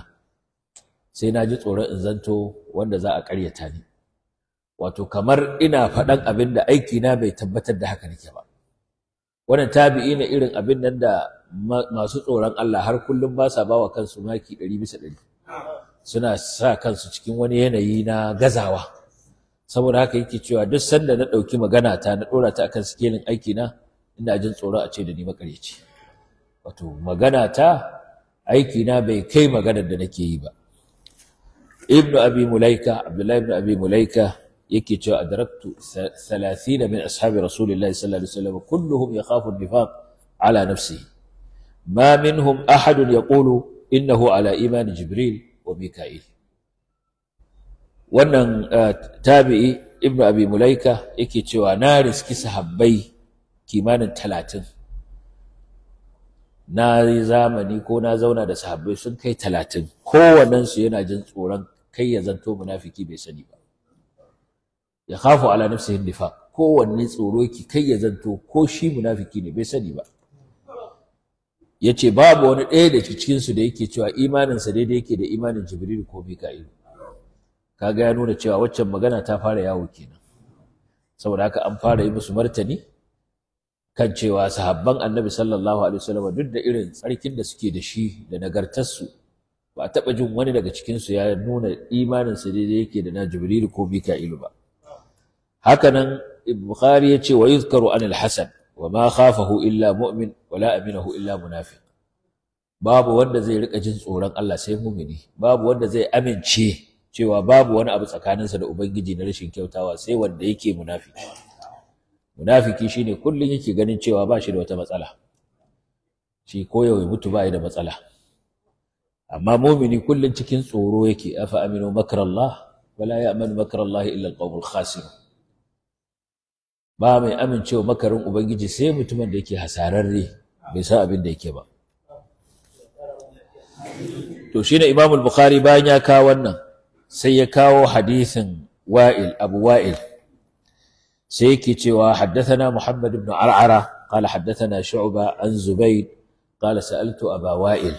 Speaker 2: sai na ji tsoron in zanto wanda za a ƙaryata ni wato kamar ina faɗan abin da aikina bai tabbatar da haka nake ba wannan tabi'i na irin abin nan da masu tsoron Allah har kullum ba sa ba wa kansu maki ɗari bisa ɗari suna sa kansu cikin wani yanayi na gazawa saboda haka yake cewa duk sanda na ɗauki magana ta na ɗora ta akan sikelin aikina. ina jin tsoro a ce da ni makaryaci wato magana ta aiki na bai kai maganar da nake yi ba ibnu abi mulaika abdullahi ibnu abi mulaika yake cewa adraktu 30 min ashabi rasulillahi sallallahu alaihi wasallam kulluhum yakhafu an-nifaq ala nafsihi ma minhum ahadun yaqulu innahu ala iman jibril wa mika'il wannan eh, tabi'i ibnu abi mulaika yake cewa na riski sahabbai kimanin talatin na zamani ko na zauna da sahabbai sun kai talatin kowannensu yana jin tsoron kai ya zanto munafiki bai sani ba ya khafu ala nafsihi nifaq kowanne tsoro ki kai ya zanto ko shi munafiki ne bai sani ba Ya yace babu wani ɗaya da cikinsu da yake cewa imaninsa daidai yake da imanin jibril ko mika'il kaga ya nuna cewa waccan magana ta fara yawo kenan saboda haka an fara yi musu martani kan cewa sahabban annabi sallallahu alaihi wasallam duk da irin tsarkin da suke da shi da nagartarsu ba a taɓa jin wani daga cikinsu ya nuna imaninsa daidai yake da na jibril ko mika'ilu ba hakanan bukhari ya ce wa yuzkaru an al-hasan wa ma khafahu illa mu'min wa la aminahu illa munafiq babu wanda zai rika jin tsoron Allah sai mumini babu wanda zai amince cewa babu wani abu tsakaninsa da ubangiji na rashin kyautawa sai wanda yake munafiki munafiki shine kullun yake ganin cewa ba shi da wata matsala shi koyaushe mutu ba da matsala amma mumini kullun cikin tsoro yake afa aminu makrallah wala ya'manu makrallah illa alqawmul khasir ba mai amincewa makarin ubangiji sai mutumin da yake hasararre bai san abin da yake ba to shine imamul bukhari bayan ya kawo wannan sai ya kawo hadisin wa'il abu wa'il سيكي تيوا حدثنا محمد بن عرعرة قال حدثنا شعبة عن زبيد قال سألت أبا وائل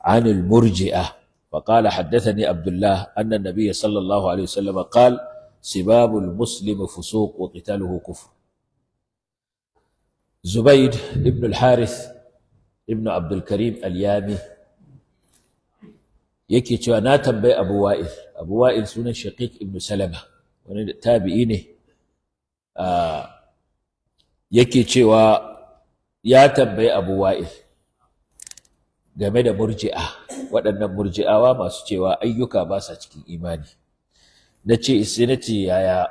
Speaker 2: عن المرجئة فقال حدثني عبد الله أن النبي صلى الله عليه وسلم قال سباب المسلم فسوق وقتاله كفر زبيد ابن الحارث ابن عبد الكريم اليامي yake cewa na tambayi abu wa'il abu wa'il sunan shaqiq ibn salama wani tabi'i ne Ah, yake cewa ya tambayi abu wa'il game da murji'a waɗannan murji'awa masu cewa ayyuka ba sa cikin imani na ce isinati yaya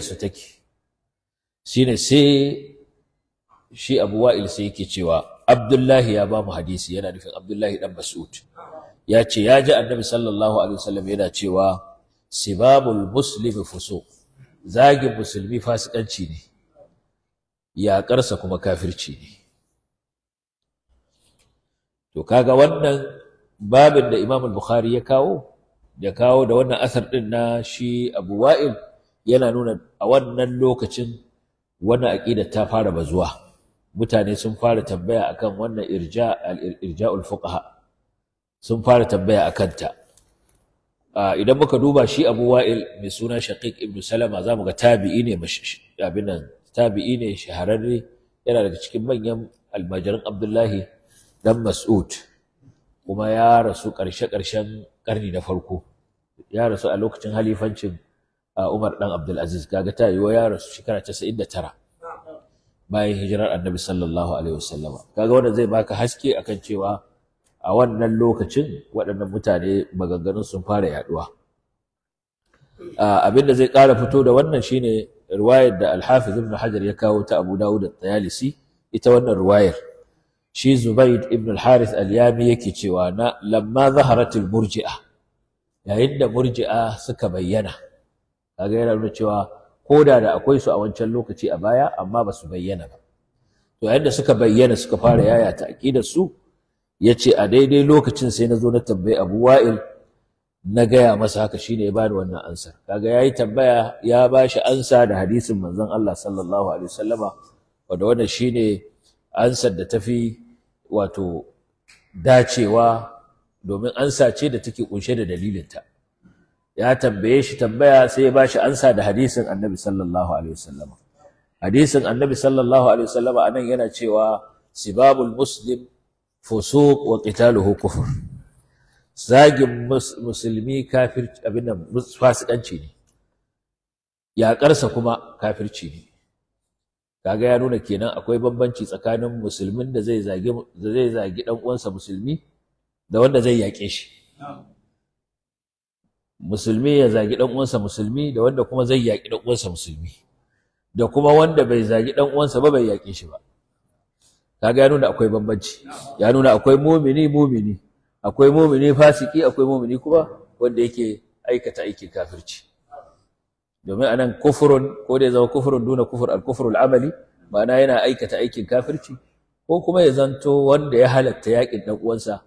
Speaker 2: su take shine sai shi abu wa'il sai yake cewa abdullahi ya ba mu hadisi yana nufin abdullahi dan mas'ud ya ce ya ji annabi sallallahu alaihi wasallam yana cewa sibabul muslimi fusuq zagin musulmi fasikanci ne yaƙarsa kuma kafirci ne to kaga wannan babin da Imam al-Bukhari ya kawo ya kawo da wannan asar din na shi Abu Wa'il yana nuna a wannan lokacin wannan aƙidar ta fara bazuwa mutane sun fara tambaya akan wannan irja al-irja'ul fuqaha sun fara tambaya akan ta idan muka duba shi Abu Wa'il mai suna Shaqiq ibn Salama zamu ga tabi'i ne abin nan tabi'i ne shahararre yana daga cikin manyan almajiran Abdullahi dan Mas'ud kuma ya rasu ƙarshe ƙarshen ƙarni na farko ya rasu a lokacin halifancin Umar dan Abdulaziz kaga ta yiwa ya rasu shekara tara. bayan hijirar Annabi sallallahu alaihi wasallama kaga wannan zai baka haske akan cewa a wannan lokacin waɗannan mutane maganganun sun fara yaɗuwa abin da zai ƙara fito da wannan shine riwayar da alhafiz hafiz Ibn Hajar ya kawo ta Abu Dawud da tayalisi ita wannan riwayar shi Zubayd Ibn al Al-Yami yake cewa na lamma zaharatil murji'a yayin da murji'a suka bayyana kaga yana nuna cewa koda da akwai su a wancan lokaci a baya amma ba su bayyana ba to yayin da suka bayyana suka fara yayata aqidar su ya ce a daidai lokacin sai na zo na tambayi abu wa'il na gaya masa haka shine ya bani wannan ansar kaga ya yi tambaya ya ba shi ansa da hadisin manzon Allah sallallahu alaihi wasallama wanda wannan shi ansar da tafi wato dacewa domin ansa ce da take kunshe da dalilinta ya tambaye shi tambaya sai ya ba shi ansa da hadisin annabi sallallahu alaihi wasallama hadisin annabi sallallahu alaihi wasallama anan yana cewa sibabul muslim fusuq wa qitaluhu kufur zagin musulmi kafir abin nan fasikanci ne yaƙarsa kuma kafirci ne kaga ya nuna kenan akwai bambanci tsakanin musulmin da zai zagi da zai zagi dan uwansa musulmi da wanda zai yake shi musulmi ya zagi dan uwansa musulmi da wanda kuma zai yake dan uwansa musulmi da kuma wanda bai zagi dan uwansa ba bai yake shi ba kaga ya nuna akwai bambanci ya nuna akwai mumini mumini akwai mumini fasiki akwai mumini kuma wanda yake aikata aikin kafirci domin anan kufurun ko da ya zama kufurun duna kufur al al amali ma'ana yana aikata aikin kafirci ko kuma ya zanto wanda ya halatta yakin dan uwansa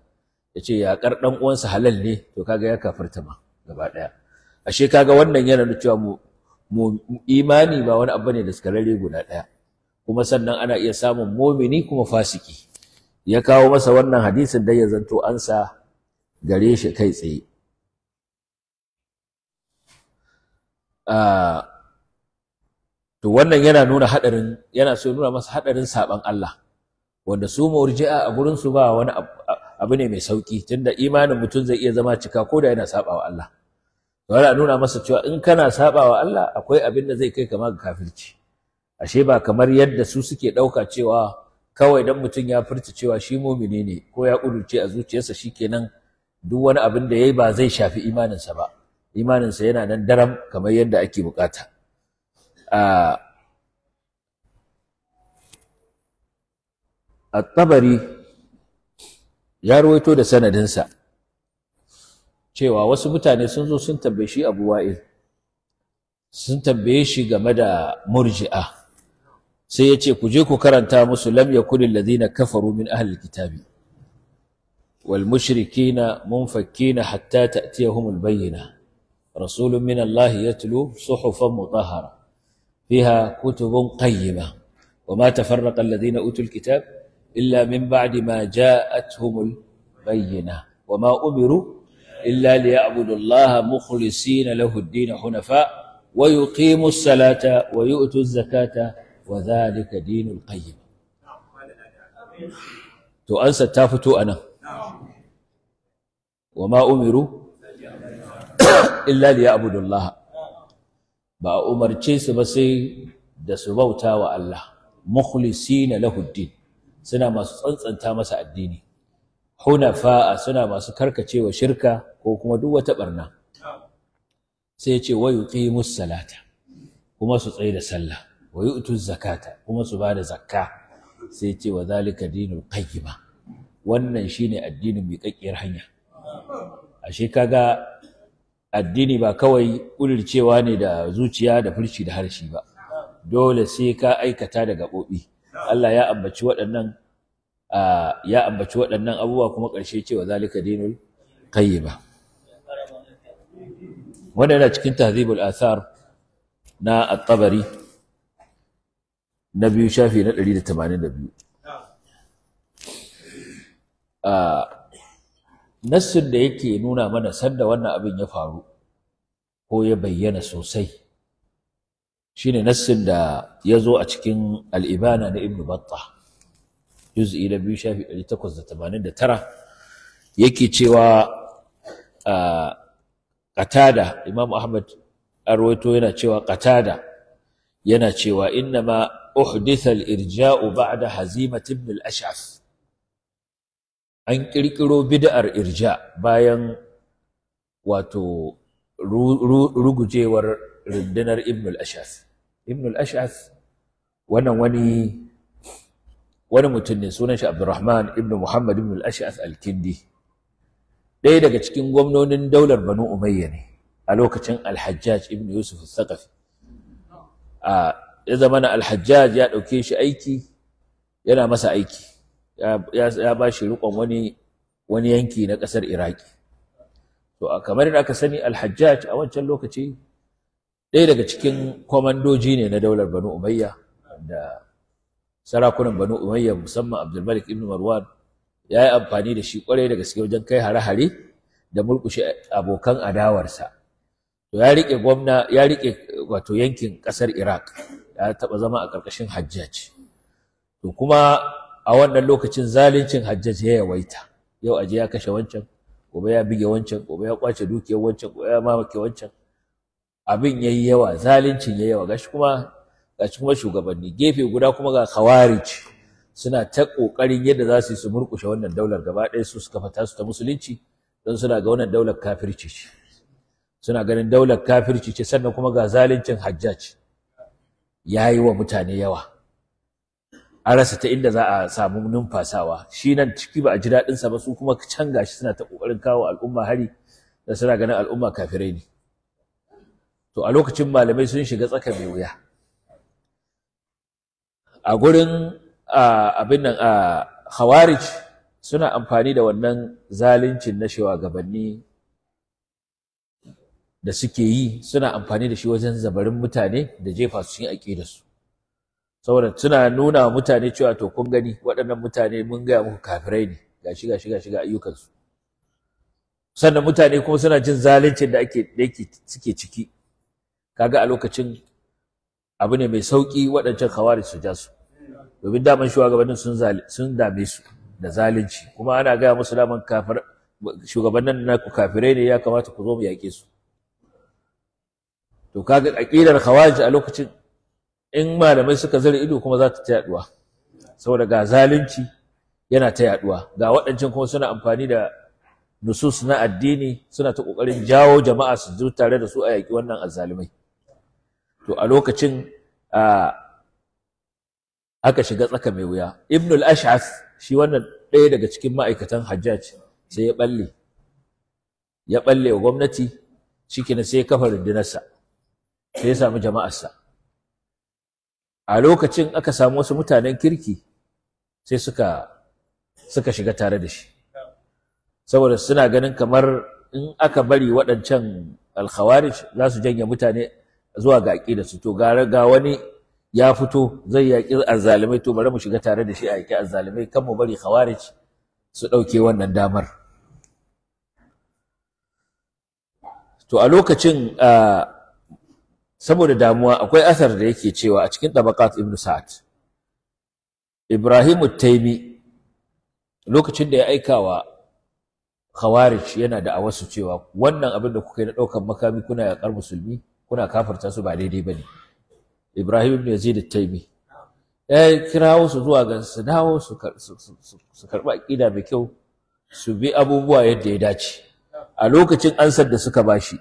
Speaker 2: ya ce yakar dan uwansa halal ne to kaga ya kafirta ma gaba daya ashe kaga wannan yana nuna cewa mu imani ba wani abu ne da suka rare guda daya kuma sannan ana iya samun momini kuma fasiki ya kawo masa wannan hadisin da ya zanto ansa gare shi kai tsaye ah, to wannan yana nuna hadarin yana so nuna masa hadarin saban Allah wanda su murji'a a gurin su ba wani abu ne mai sauki tunda imanin mutum zai iya zama cika ko da yana sabawa Allah to yana nuna masa cewa in kana sabawa Allah akwai abin da zai kai kama ga kafirci ashe ba kamar yadda su suke ɗauka cewa kawai dan mutum ya furta cewa shi mumini ne ko ya ƙudurce a zuciyarsa shikenan duk wani abin da yayi ba zai shafi imaninsa ba imaninsa yana nan daram kamar yadda ake bukata a tabari ya ruwaito da sanadinsa cewa wasu mutane sun zo sun tambaye shi abu wa'il sun tambaye shi game da murji'a sai ya ce ku je ku karanta musu lam yakun alladhina kafaru min ahli alkitabi wal mushrikina munfakkina hatta ta'tiyahum albayyina rasulun min Allah yatlu suhufan mutahhara fiha kutubun qayyima وما تفرق الذين أوتوا الكتاب إلا من بعد ما جاءتهم البينة وما أمروا إلا ليعبدوا الله مخلصين له الدين حنفاء ويقيموا الصلاة ويؤتوا الزكاة wa zalika dinul qayyim to ansa ta fito anan wa ma umiru illa ya Allah ba a umarce su ba sai da su bauta wa Allah mukhlisina lahu din suna masu tsantsanta masa addini hunafa'a suna masu karkacewa shirka ko kuma duk wata barna sai ya ce wa yuqimus salata kuma su tsaye da sallah wa yu'tu zakata kuma su bada zakka sai ce wa zalika dinul qayyima wannan shine addinin mai kakkiyar hanya ashe kaga addini ba kawai kulircewa ne da zuciya da furci da harshe ba dole sai ka aikata da gaɓoɓi Allah ya ambaci waɗannan ya ambaci waɗannan abubuwa kuma ƙarshe cewa zalika dinul qayyima wannan yana cikin tahzibul athar na at-tabari na biyu shafi na 182 a nassin da yake nuna mana sanda wannan abin ya faru ko ya bayyana sosai shine nassin da ya zo a cikin al'ibana na ibnu batta juz'i na biyu shafi 889 yake cewa ƙatada imam ahmad arwaito yana cewa ƙatada yana cewa inna ma uhditha al-irja'u ba'da hazimati ibn al-ash'af an ƙirƙiro bid'ar irja bayan wato rugujewar rundunar ibn al-ash'af ibn al-ash'af wannan wani wani mutum ne sunan shi abdurrahman ibn muhammad ibn al-ash'af al-kindi ɗaya daga cikin gwamnonin daular banu umayya ne a lokacin Alhajjaj hajjaj ibn yusuf al ya zama na alhajjaj ya ɗauke shi aiki yana masa aiki ya ba shi riƙon wani yanki na ƙasar iraki to kamar da aka sani alhajjaj a wancan lokaci ɗaya daga cikin kwamandoji ne na daular banu umayya da sarakunan banu umayya musamman abdulmalik ibn marwan ya yi amfani da shi kwarai da gaske wajen kai hare-hare da mulkushe abokan adawarsa ya riƙe gwamna ya riƙe wato yankin ƙasar iraq ya taɓa zama a ƙarƙashin hajjaj to kuma a wannan lokacin zaluncin hajjaj ya yawaita yau aje ya kashe wancan gobe ya bige wancan gobe ya kwace dukiyar wancan gobe ya mamake wancan abin ya yi yawa zaluncin ya yawa gashi kuma gashi kuma shugabanni gefe guda kuma ga khawarij suna ta kokarin yadda za su yi su murkushe wannan daular gaba ɗaya su suka fata su ta musulunci don suna ga wannan daular kafirci ce suna ganin daular kafirci ce sannan kuma ga zaluncin hajjaci ya yi wa mutane yawa an rasa ta inda za a samu numfasawa shi nan ciki ba a ji daɗinsa ba su kuma can gashi suna ta ƙoƙarin kawo al'umma hari da suna ganin al'umma kafirai ne to a lokacin malamai sun shiga tsaka mai wuya a gurin abin nan a khawarij suna amfani da wannan zaluncin na gabanni. da suke yi suna amfani da shi wajen zabarin mutane da jefa su cikin su. saboda suna nuna mutane cewa to kun gani waɗannan mutane mun gaya muku kafirai ne ga shiga-shiga ayyukansu sannan mutane kuma suna jin zaluncin da ake da suke ciki kaga a lokacin abu ne mai sauki waɗancan kawari su ja su domin daman shugabannin sun sun dame su da zalunci kuma ana gaya musu daman kafir shugabannin naku kafirai ne ya kamata ku zo mu yaƙe su to ga aqidar khawaji a lokacin in malamai suka zara ido kuma za ta ta yaduwa saboda ga zalunci yana ta yaduwa ga waɗancan kuma suna amfani da nusus na addini suna ta kokarin jawo jama'a su zo tare da su a yaki wannan azzalumai to a lokacin aka shiga tsaka mai wuya ibn al-ash'ath shi wannan ɗaya daga cikin ma'aikatan hajjaj sai ya balle ya balle wa gwamnati shikenan sai ya kafa rundunarsa sai ya samu jama'arsa a lokacin aka samu wasu mutanen kirki sai suka shiga tare da shi saboda suna ganin kamar in aka bari waɗancan alkhawarij za su janye mutane zuwa ga aƙida su to gara ga wani ya fito zai yaƙi azzalimai to bari mu shiga tare da shi a yaƙi azzalimai kan mu bari khawarij su ɗauke wannan damar to a lokacin ah, saboda damuwa akwai asar da yake cewa a cikin tabaqat ibn sa'ad ibrahim taimi lokacin da ya aika wa khawarij yana da awasu cewa wannan abin da kuka yi na ɗaukar makami kuna yaƙar musulmi kuna kafarta su ba daidai ba ne ibrahim ibn yazid taimi ya kirawo su zuwa ga su dawo su karɓi aƙida mai kyau su bi abubuwa yadda ya dace a lokacin ansar da suka bashi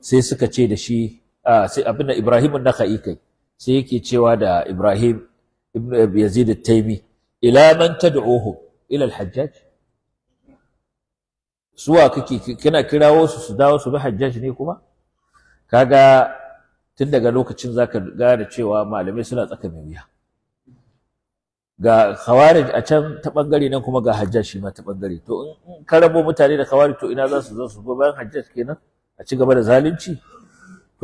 Speaker 2: sai suka ce da shi Ah, sai abin da Ibrahim an-Nakhai kai sai yake cewa da Ibrahim ibn Yazid at-Taymi ila man tad'uhu ila al-Hajjaj suwa kake kana kirawo su su dawo su bi Hajjaj ne kuma kaga tun daga lokacin zaka gane cewa malamai suna tsaka mai wuya ga khawarij a can ta bangare nan kuma ga hajjaj shi ma ta bangare to in ka rabo mutane da khawarij to ina za su zo su bayan hajjaj kenan a ci gaba da zalunci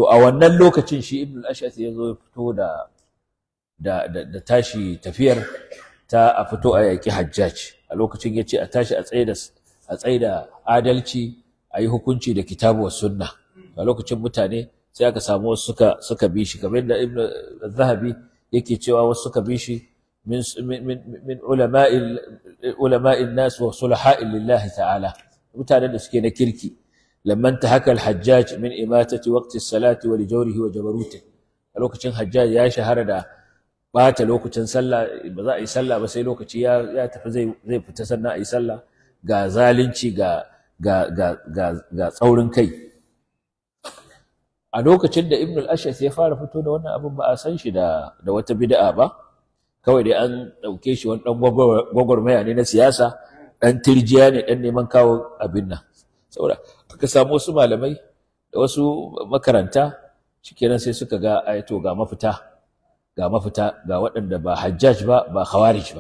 Speaker 2: to a wannan lokacin shi ibn al ya zo ya fito da da da tashi tafiyar ta a fito a yaki hajjaj a lokacin ya ce a tashi a tsaye da a tsaye da adalci a yi hukunci da kitabu wa sunna a lokacin mutane sai aka samu wasu suka suka bi shi kamar da ibn zahabi yake cewa wasu suka bi shi min min min ulama'il ulama'in nas wa sulaha'i lillahi ta'ala mutanen da suke na kirki لما انتهك الحجاج من إماتة وقت الصلاة ولجوره وجبروته لوكتين حجاج يا شهر دا بات لوكتين صلى بذا يصلى بس لوكتي يا يا تفزي زي فتسنا يصلى غا زالنشي غا غا غا غا غا ثورن كي a lokacin da Ibn al-Ashas ya fara fito da wannan abin ba a san shi da da wata bid'a ba kawai dai an dauke shi wani dan gwagwarmaya ne na siyasa dan tirjiya ne dan neman kawo abin nan saboda suka samu wasu malamai da wasu makaranta shikenan sai suka ga ayato to ga mafita ga mafita ga waɗanda ba hajjaj ba ba khawarij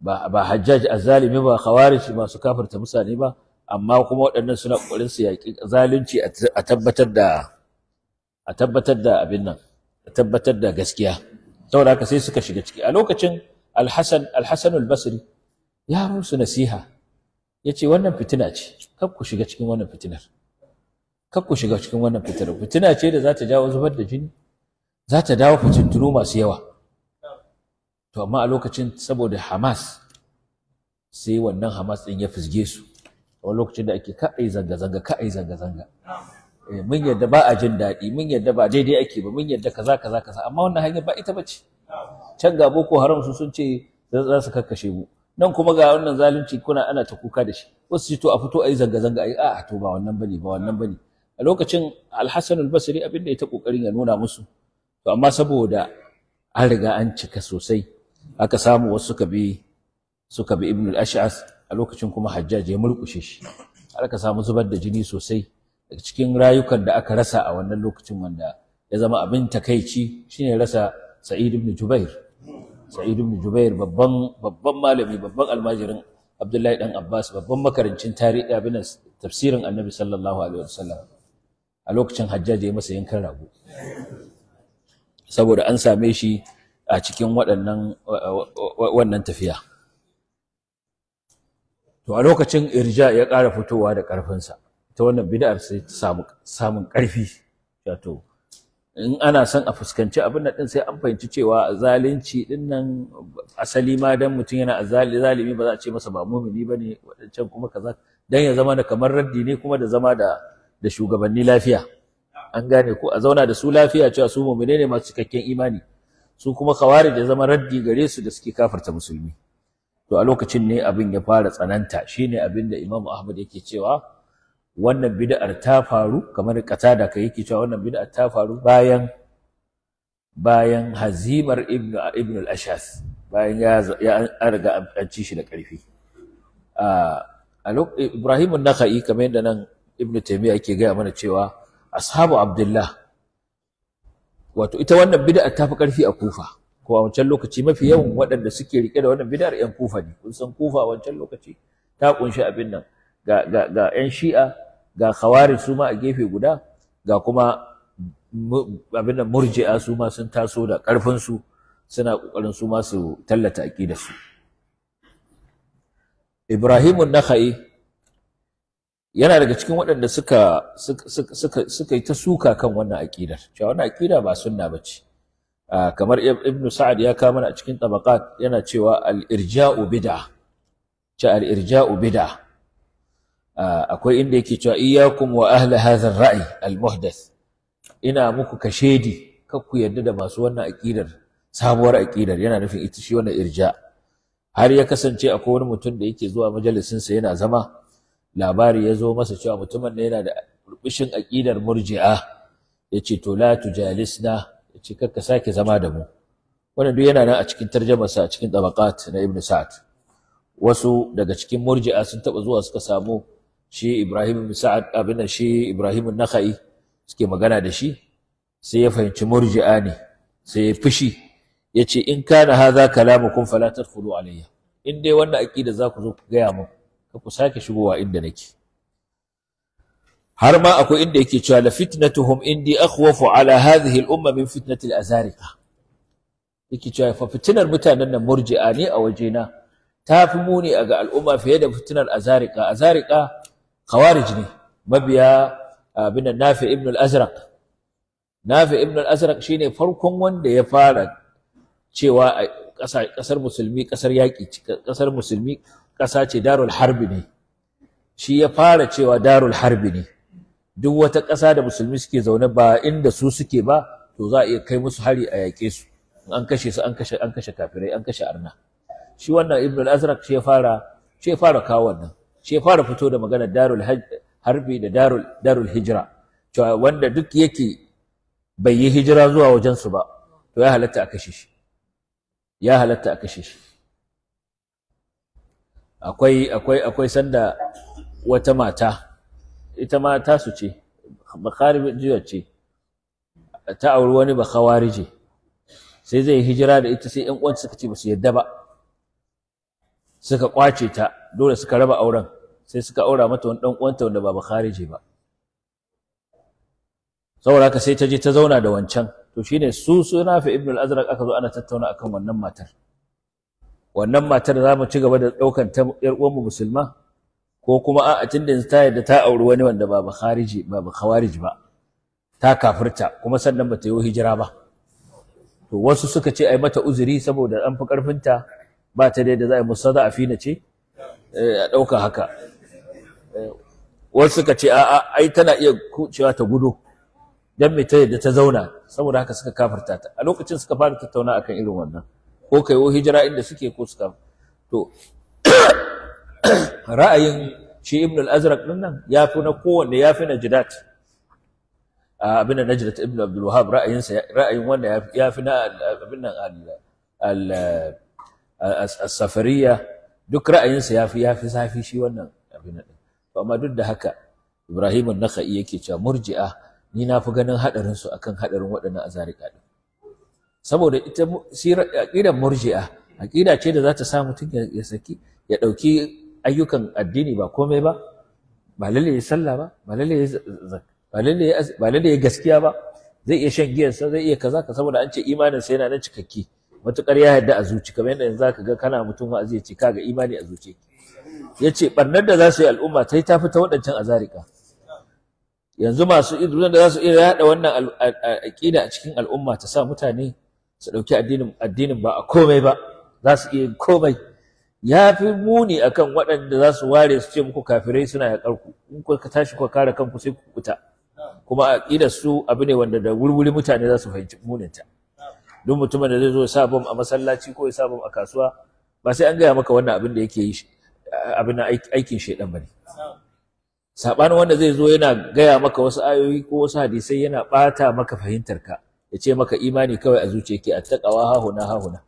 Speaker 2: ba ba hajjaj azzalimi ba khawarij masu kafirta mutane ba amma kuma waɗannan suna ƙoƙarin su yaƙi zalunci a tabbatar da a tabbatar da abin nan a tabbatar da gaskiya saboda haka sai suka shiga ciki a lokacin alhassan alhassan albasri ya musu nasiha ya ce wannan fitina ce kar ku shiga cikin wannan fitinar kar ku shiga cikin wannan fitinar fitina ce da za ta jawo zubar da jini za ta dawo fitintunu masu yawa to amma a lokacin saboda hamas sai wannan hamas din ya fizge su a lokacin da ake ka'ai zanga-zanga ka'ai zanga-zanga eh, mun yadda ba a jin daɗi mun yadda ba daidai ake ba mun yadda kaza kaza kaza amma wannan hanyar ba ita bace can ga boko haram su sun ce za su kakkashe mu nan kuma ga wannan zalunci kuna ana ta kuka da shi wasu su to a fito ayi zanga-zanga a a'a to ba wannan bane ba wannan bane a lokacin Alhassanul Basri abin da ya ta kokarin ya nuna musu to amma saboda an riga an cika sosai aka samu wasu suka bi suka bi ibn al-ash'as a lokacin kuma hajjaj ya murkushe shi aka samu zubar da jini sosai daga cikin rayukan da aka rasa a wannan lokacin wanda ya zama abin takaici shine rasa sa'id ibn jubair sa'id ibn jubair babban babban malami babban almajirin abdullahi dan abbas babban makarancin tarihi bina tafsirin annabi sallallahu alaihi a lokacin hajjaji ya masa yankan rago saboda an same shi a cikin wannan tafiya to a lokacin irja ya kara fitowa da ƙarfinsa ta wannan bid'ar sai ta samu samun ƙarfi wato in ana son a fuskanci abin nan din sai an fahimci cewa zalunci din nan asali ma dan mutum yana zalimi ba za a ce masa ba mumini bane wadancan kuma kaza dan ya zama da kamar raddi ne kuma da zama da da shugabanni lafiya an gane ko a zauna da su lafiya cewa su mumine ne masu cikakken imani su kuma kawari da zama raddi gare su da suke kafirta musulmi to a lokacin ne abin ya fara tsananta shine abin da Imam Ahmad yake cewa wannan bid'ar ta faru kamar da kai yake cewa wannan bid'ar ta faru bayan bayan hazimar ibnu ibnu al-ashas bayan ya ya arga an ci shi da karfi a Ibrahim an-Nakhai kamar yadda nan Ibn Taymiyyah yake gaya mana cewa ashabu Abdullah wato ita wannan bid'a ta fi karfi a Kufa ko a wancan lokaci mafi yawan waɗanda suke rike da wannan bid'ar 'yan Kufa ne kun san Kufa a wancan lokaci ta kunshi abin nan ga ga ga 'yan Shi'a ga khawarij su ma a gefe guda ga kuma abin da murji'a su ma sun taso da ƙarfin su suna ƙoƙarin su ma su tallata aƙidar su Ibrahim Nakhai yana daga cikin waɗanda suka suka suka yi ta suka kan wannan aƙidar cewa wannan aƙida ba sunna bace kamar ibnu Sa'ad ya kama a cikin tabaqat yana cewa al-irja'u bid'a cha al-irja'u bid'a Ah, akwai inda yake cewa iyakum wa ahli hadha ar-ra'i al-muhdath ina muku kashedi kakku yadda da masu wannan aqidar sabuwar aqidar yana nufin ita shi wannan irja har ya kasance akwai wani mutum da yake zuwa majalisin sa yana zama labari ya zo masa cewa mutumin ne yana da rubushin aqidar murji'a yace to la tujalisna yace kakka sake zama da mu wannan duk yana nan a cikin tarjamarsa a cikin tabaqat na ibnu sa'd wasu daga cikin murji'a sun taba zuwa suka samu shi Ibrahim Sa'ad abin shi Ibrahim Nakhai suke magana da shi sai ya fahimci murji'a ne sai ya fushi ya ce in kana lamu kalamukum fala tadkhulu alayya in dai wannan aqida za ku zo ku gaya mun, ka ku sake shigowa inda nake har ma akwai inda yake cewa la fitnatuhum indi akhwafu ala hadhihi al-umma min fitnati al-azariqa yake cewa fa fitinar mutanen nan murji'a ne a wajena ta fi muni a ga al'umma fiye da fitinar azariqa azariqa khawarij ne mabiya abin nafi ibn al-azraq nafi ibn al shine farkon wanda ya fara cewa kasar musulmi kasar yaƙi kasar musulmi ƙasa ce darul harbi ne shi ya fara cewa darul harbi ne duk wata ƙasa da musulmi suke zaune ba inda su suke ba to za a iya kai musu hari a yaƙe su an kashe su an kashe an kashe kafirai an kashe arna shi wannan ibn al fara shi ya fara kawo wannan shi ya fara fito da maganar darul harbi da darul darul hijira wanda duk yake bai yi hijira zuwa wajen su ba to ya halatta a kashe shi ya halatta a kashe shi akwai akwai akwai sanda wata mata ita ma su ce bakharijiyar ce ta auri wani bakhawarije sai zai hijira da ita sai yan uwan suka ce ba su yadda ba suka kwace ta dole suka raba auren sai suka aura mata wani dan uwanta wanda ba bakharije ba saboda haka sai ta je ta zauna da wancan to shine su suna fi ibnu al-azraq aka zo ana tattauna akan wannan matar wannan matar za mu ci gaba da daukan ta yar uwan mu musulma ko kuma a tunda ta yadda ta auri wani wanda ba bakharije ba khawarij ba ta kafirta kuma sannan ba ta yi hijira ba to wasu suka ce ai mata uzuri saboda an fi karfinta ba ta da za a yi musada a fina ce eh, a ɗauka haka wasu suka ce a'a ai tana iya kucewa ta gudu dan me ta yadda ta zauna saboda haka suka kafarta ta a lokacin suka fara tattauna akan irin wannan ko kai wo hijira inda suke ko suka to ra'ayin shi ibn al-azraq din nan yafi na kowanne yafi a abin da najrat ibn abdul wahhab ra'ayin sa ra'ayin wannan yafi na abin nan al al as duk ra'ayin sa yafi yafi safi shi wannan abin nan to amma duk da haka Ibrahim an-Nakhai yake cewa murji'a ni na fi ganin hadarin su akan hadarin waɗannan azarika din saboda ita sirar aqidar murji'a aqida ce da za ta sa mutum ya saki ya dauki ayyukan addini ba komai ba ba lalle ya sallah ba ba lalle ya ba lalle ya ba lalle ya gaskiya ba zai iya shan sa zai iya kaza ka saboda an ce imanin sa yana nan cikakke matukar ya yadda a zuci kamar yadda yanzu zaka ga kana mutum wa'azi zai ce kaga imani a zuci ya ce ɓarnar da za su yi al'umma ta yi ta fita waɗancan azarika yanzu masu idrun da za su iya yaɗa wannan aƙida a cikin al'umma ta sa mutane su ɗauki addinin ba a komai ba za su iya komai ya fi muni akan waɗanda za su ware su ce muku kafirai suna ya ku in ku ka tashi ku kare kanku sai ku kuta kuma aƙidar su abu ne wanda da wurwuri mutane za su fahimci muninta duk mutumin da zai zo ya sa a masallaci ko ya sa a kasuwa ba sai an gaya maka wannan abin da yake yi shi. abin aikin shaidan bane sabanin wanda zai zo yana gaya maka wasu ayoyi ko wasu hadisai yana bata maka fahimtar ka ya ce maka imani kawai a ke attaqawa ha huna ha huna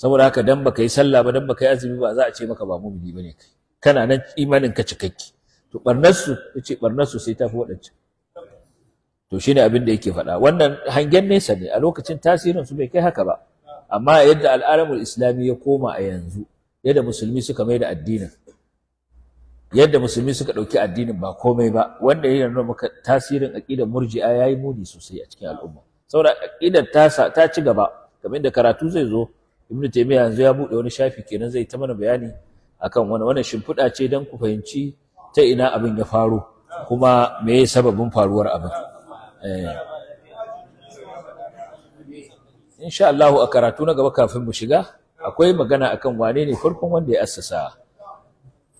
Speaker 2: saboda haka dan baka yi sallah ba dan baka yi azumi ba za a ce maka ba mu'mini bane kai kana nan imanin ka cikakke to barnar su yace barnar su sai ta fi to shine abin da yake faɗa wannan hangen nesa ne a lokacin tasirin su bai kai haka ba amma yadda al'alamul islami ya koma a yanzu yadda musulmi suka mai addinin yadda musulmi suka ɗauki addinin ba komai ba wanda ya nuna maka tasirin aƙidar murji'a ya yi muni sosai a cikin al'umma saboda aƙidar ta ci gaba kamar da karatu zai zo ibnu taymiya yanzu ya buɗe wani shafi kenan zai ta mana bayani akan wani wannan shimfiɗa ce dan ku fahimci ta ina abin ya faru kuma me ya sababin faruwar abin eh. insha Allah a karatu na gaba kafin mu shiga akwai magana akan wane ne farkon wanda ya assasa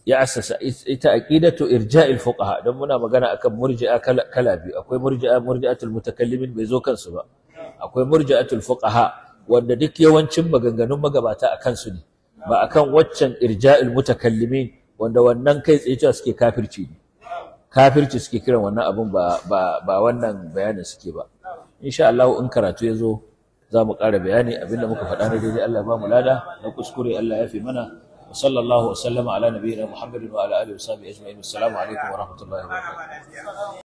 Speaker 2: ya assasa ita aqidatu irja'il fuqaha dan muna magana akan murji'a kala biyu akwai murji'a murji'atul mutakallimin bai zo kansu ba akwai murji'atul fuqaha wanda duk yawancin maganganun magabata akan su ne ba akan waccan irja'il mutakallimin wanda wannan kai tsaye cewa suke kafirci ne kafirci suke kiran wannan abun ba ba wannan bayanin suke ba insha Allah in karatu ya zo za mu ƙara bayani abinda muka faɗa na daidai Allah ba mu lada na kuskure Allah ya fi mana wa sallallahu wa sallama ala nabiyina Muhammadin wa ala alihi wa sahbihi ajma'in assalamu alaikum wa rahmatullahi wa barakatuh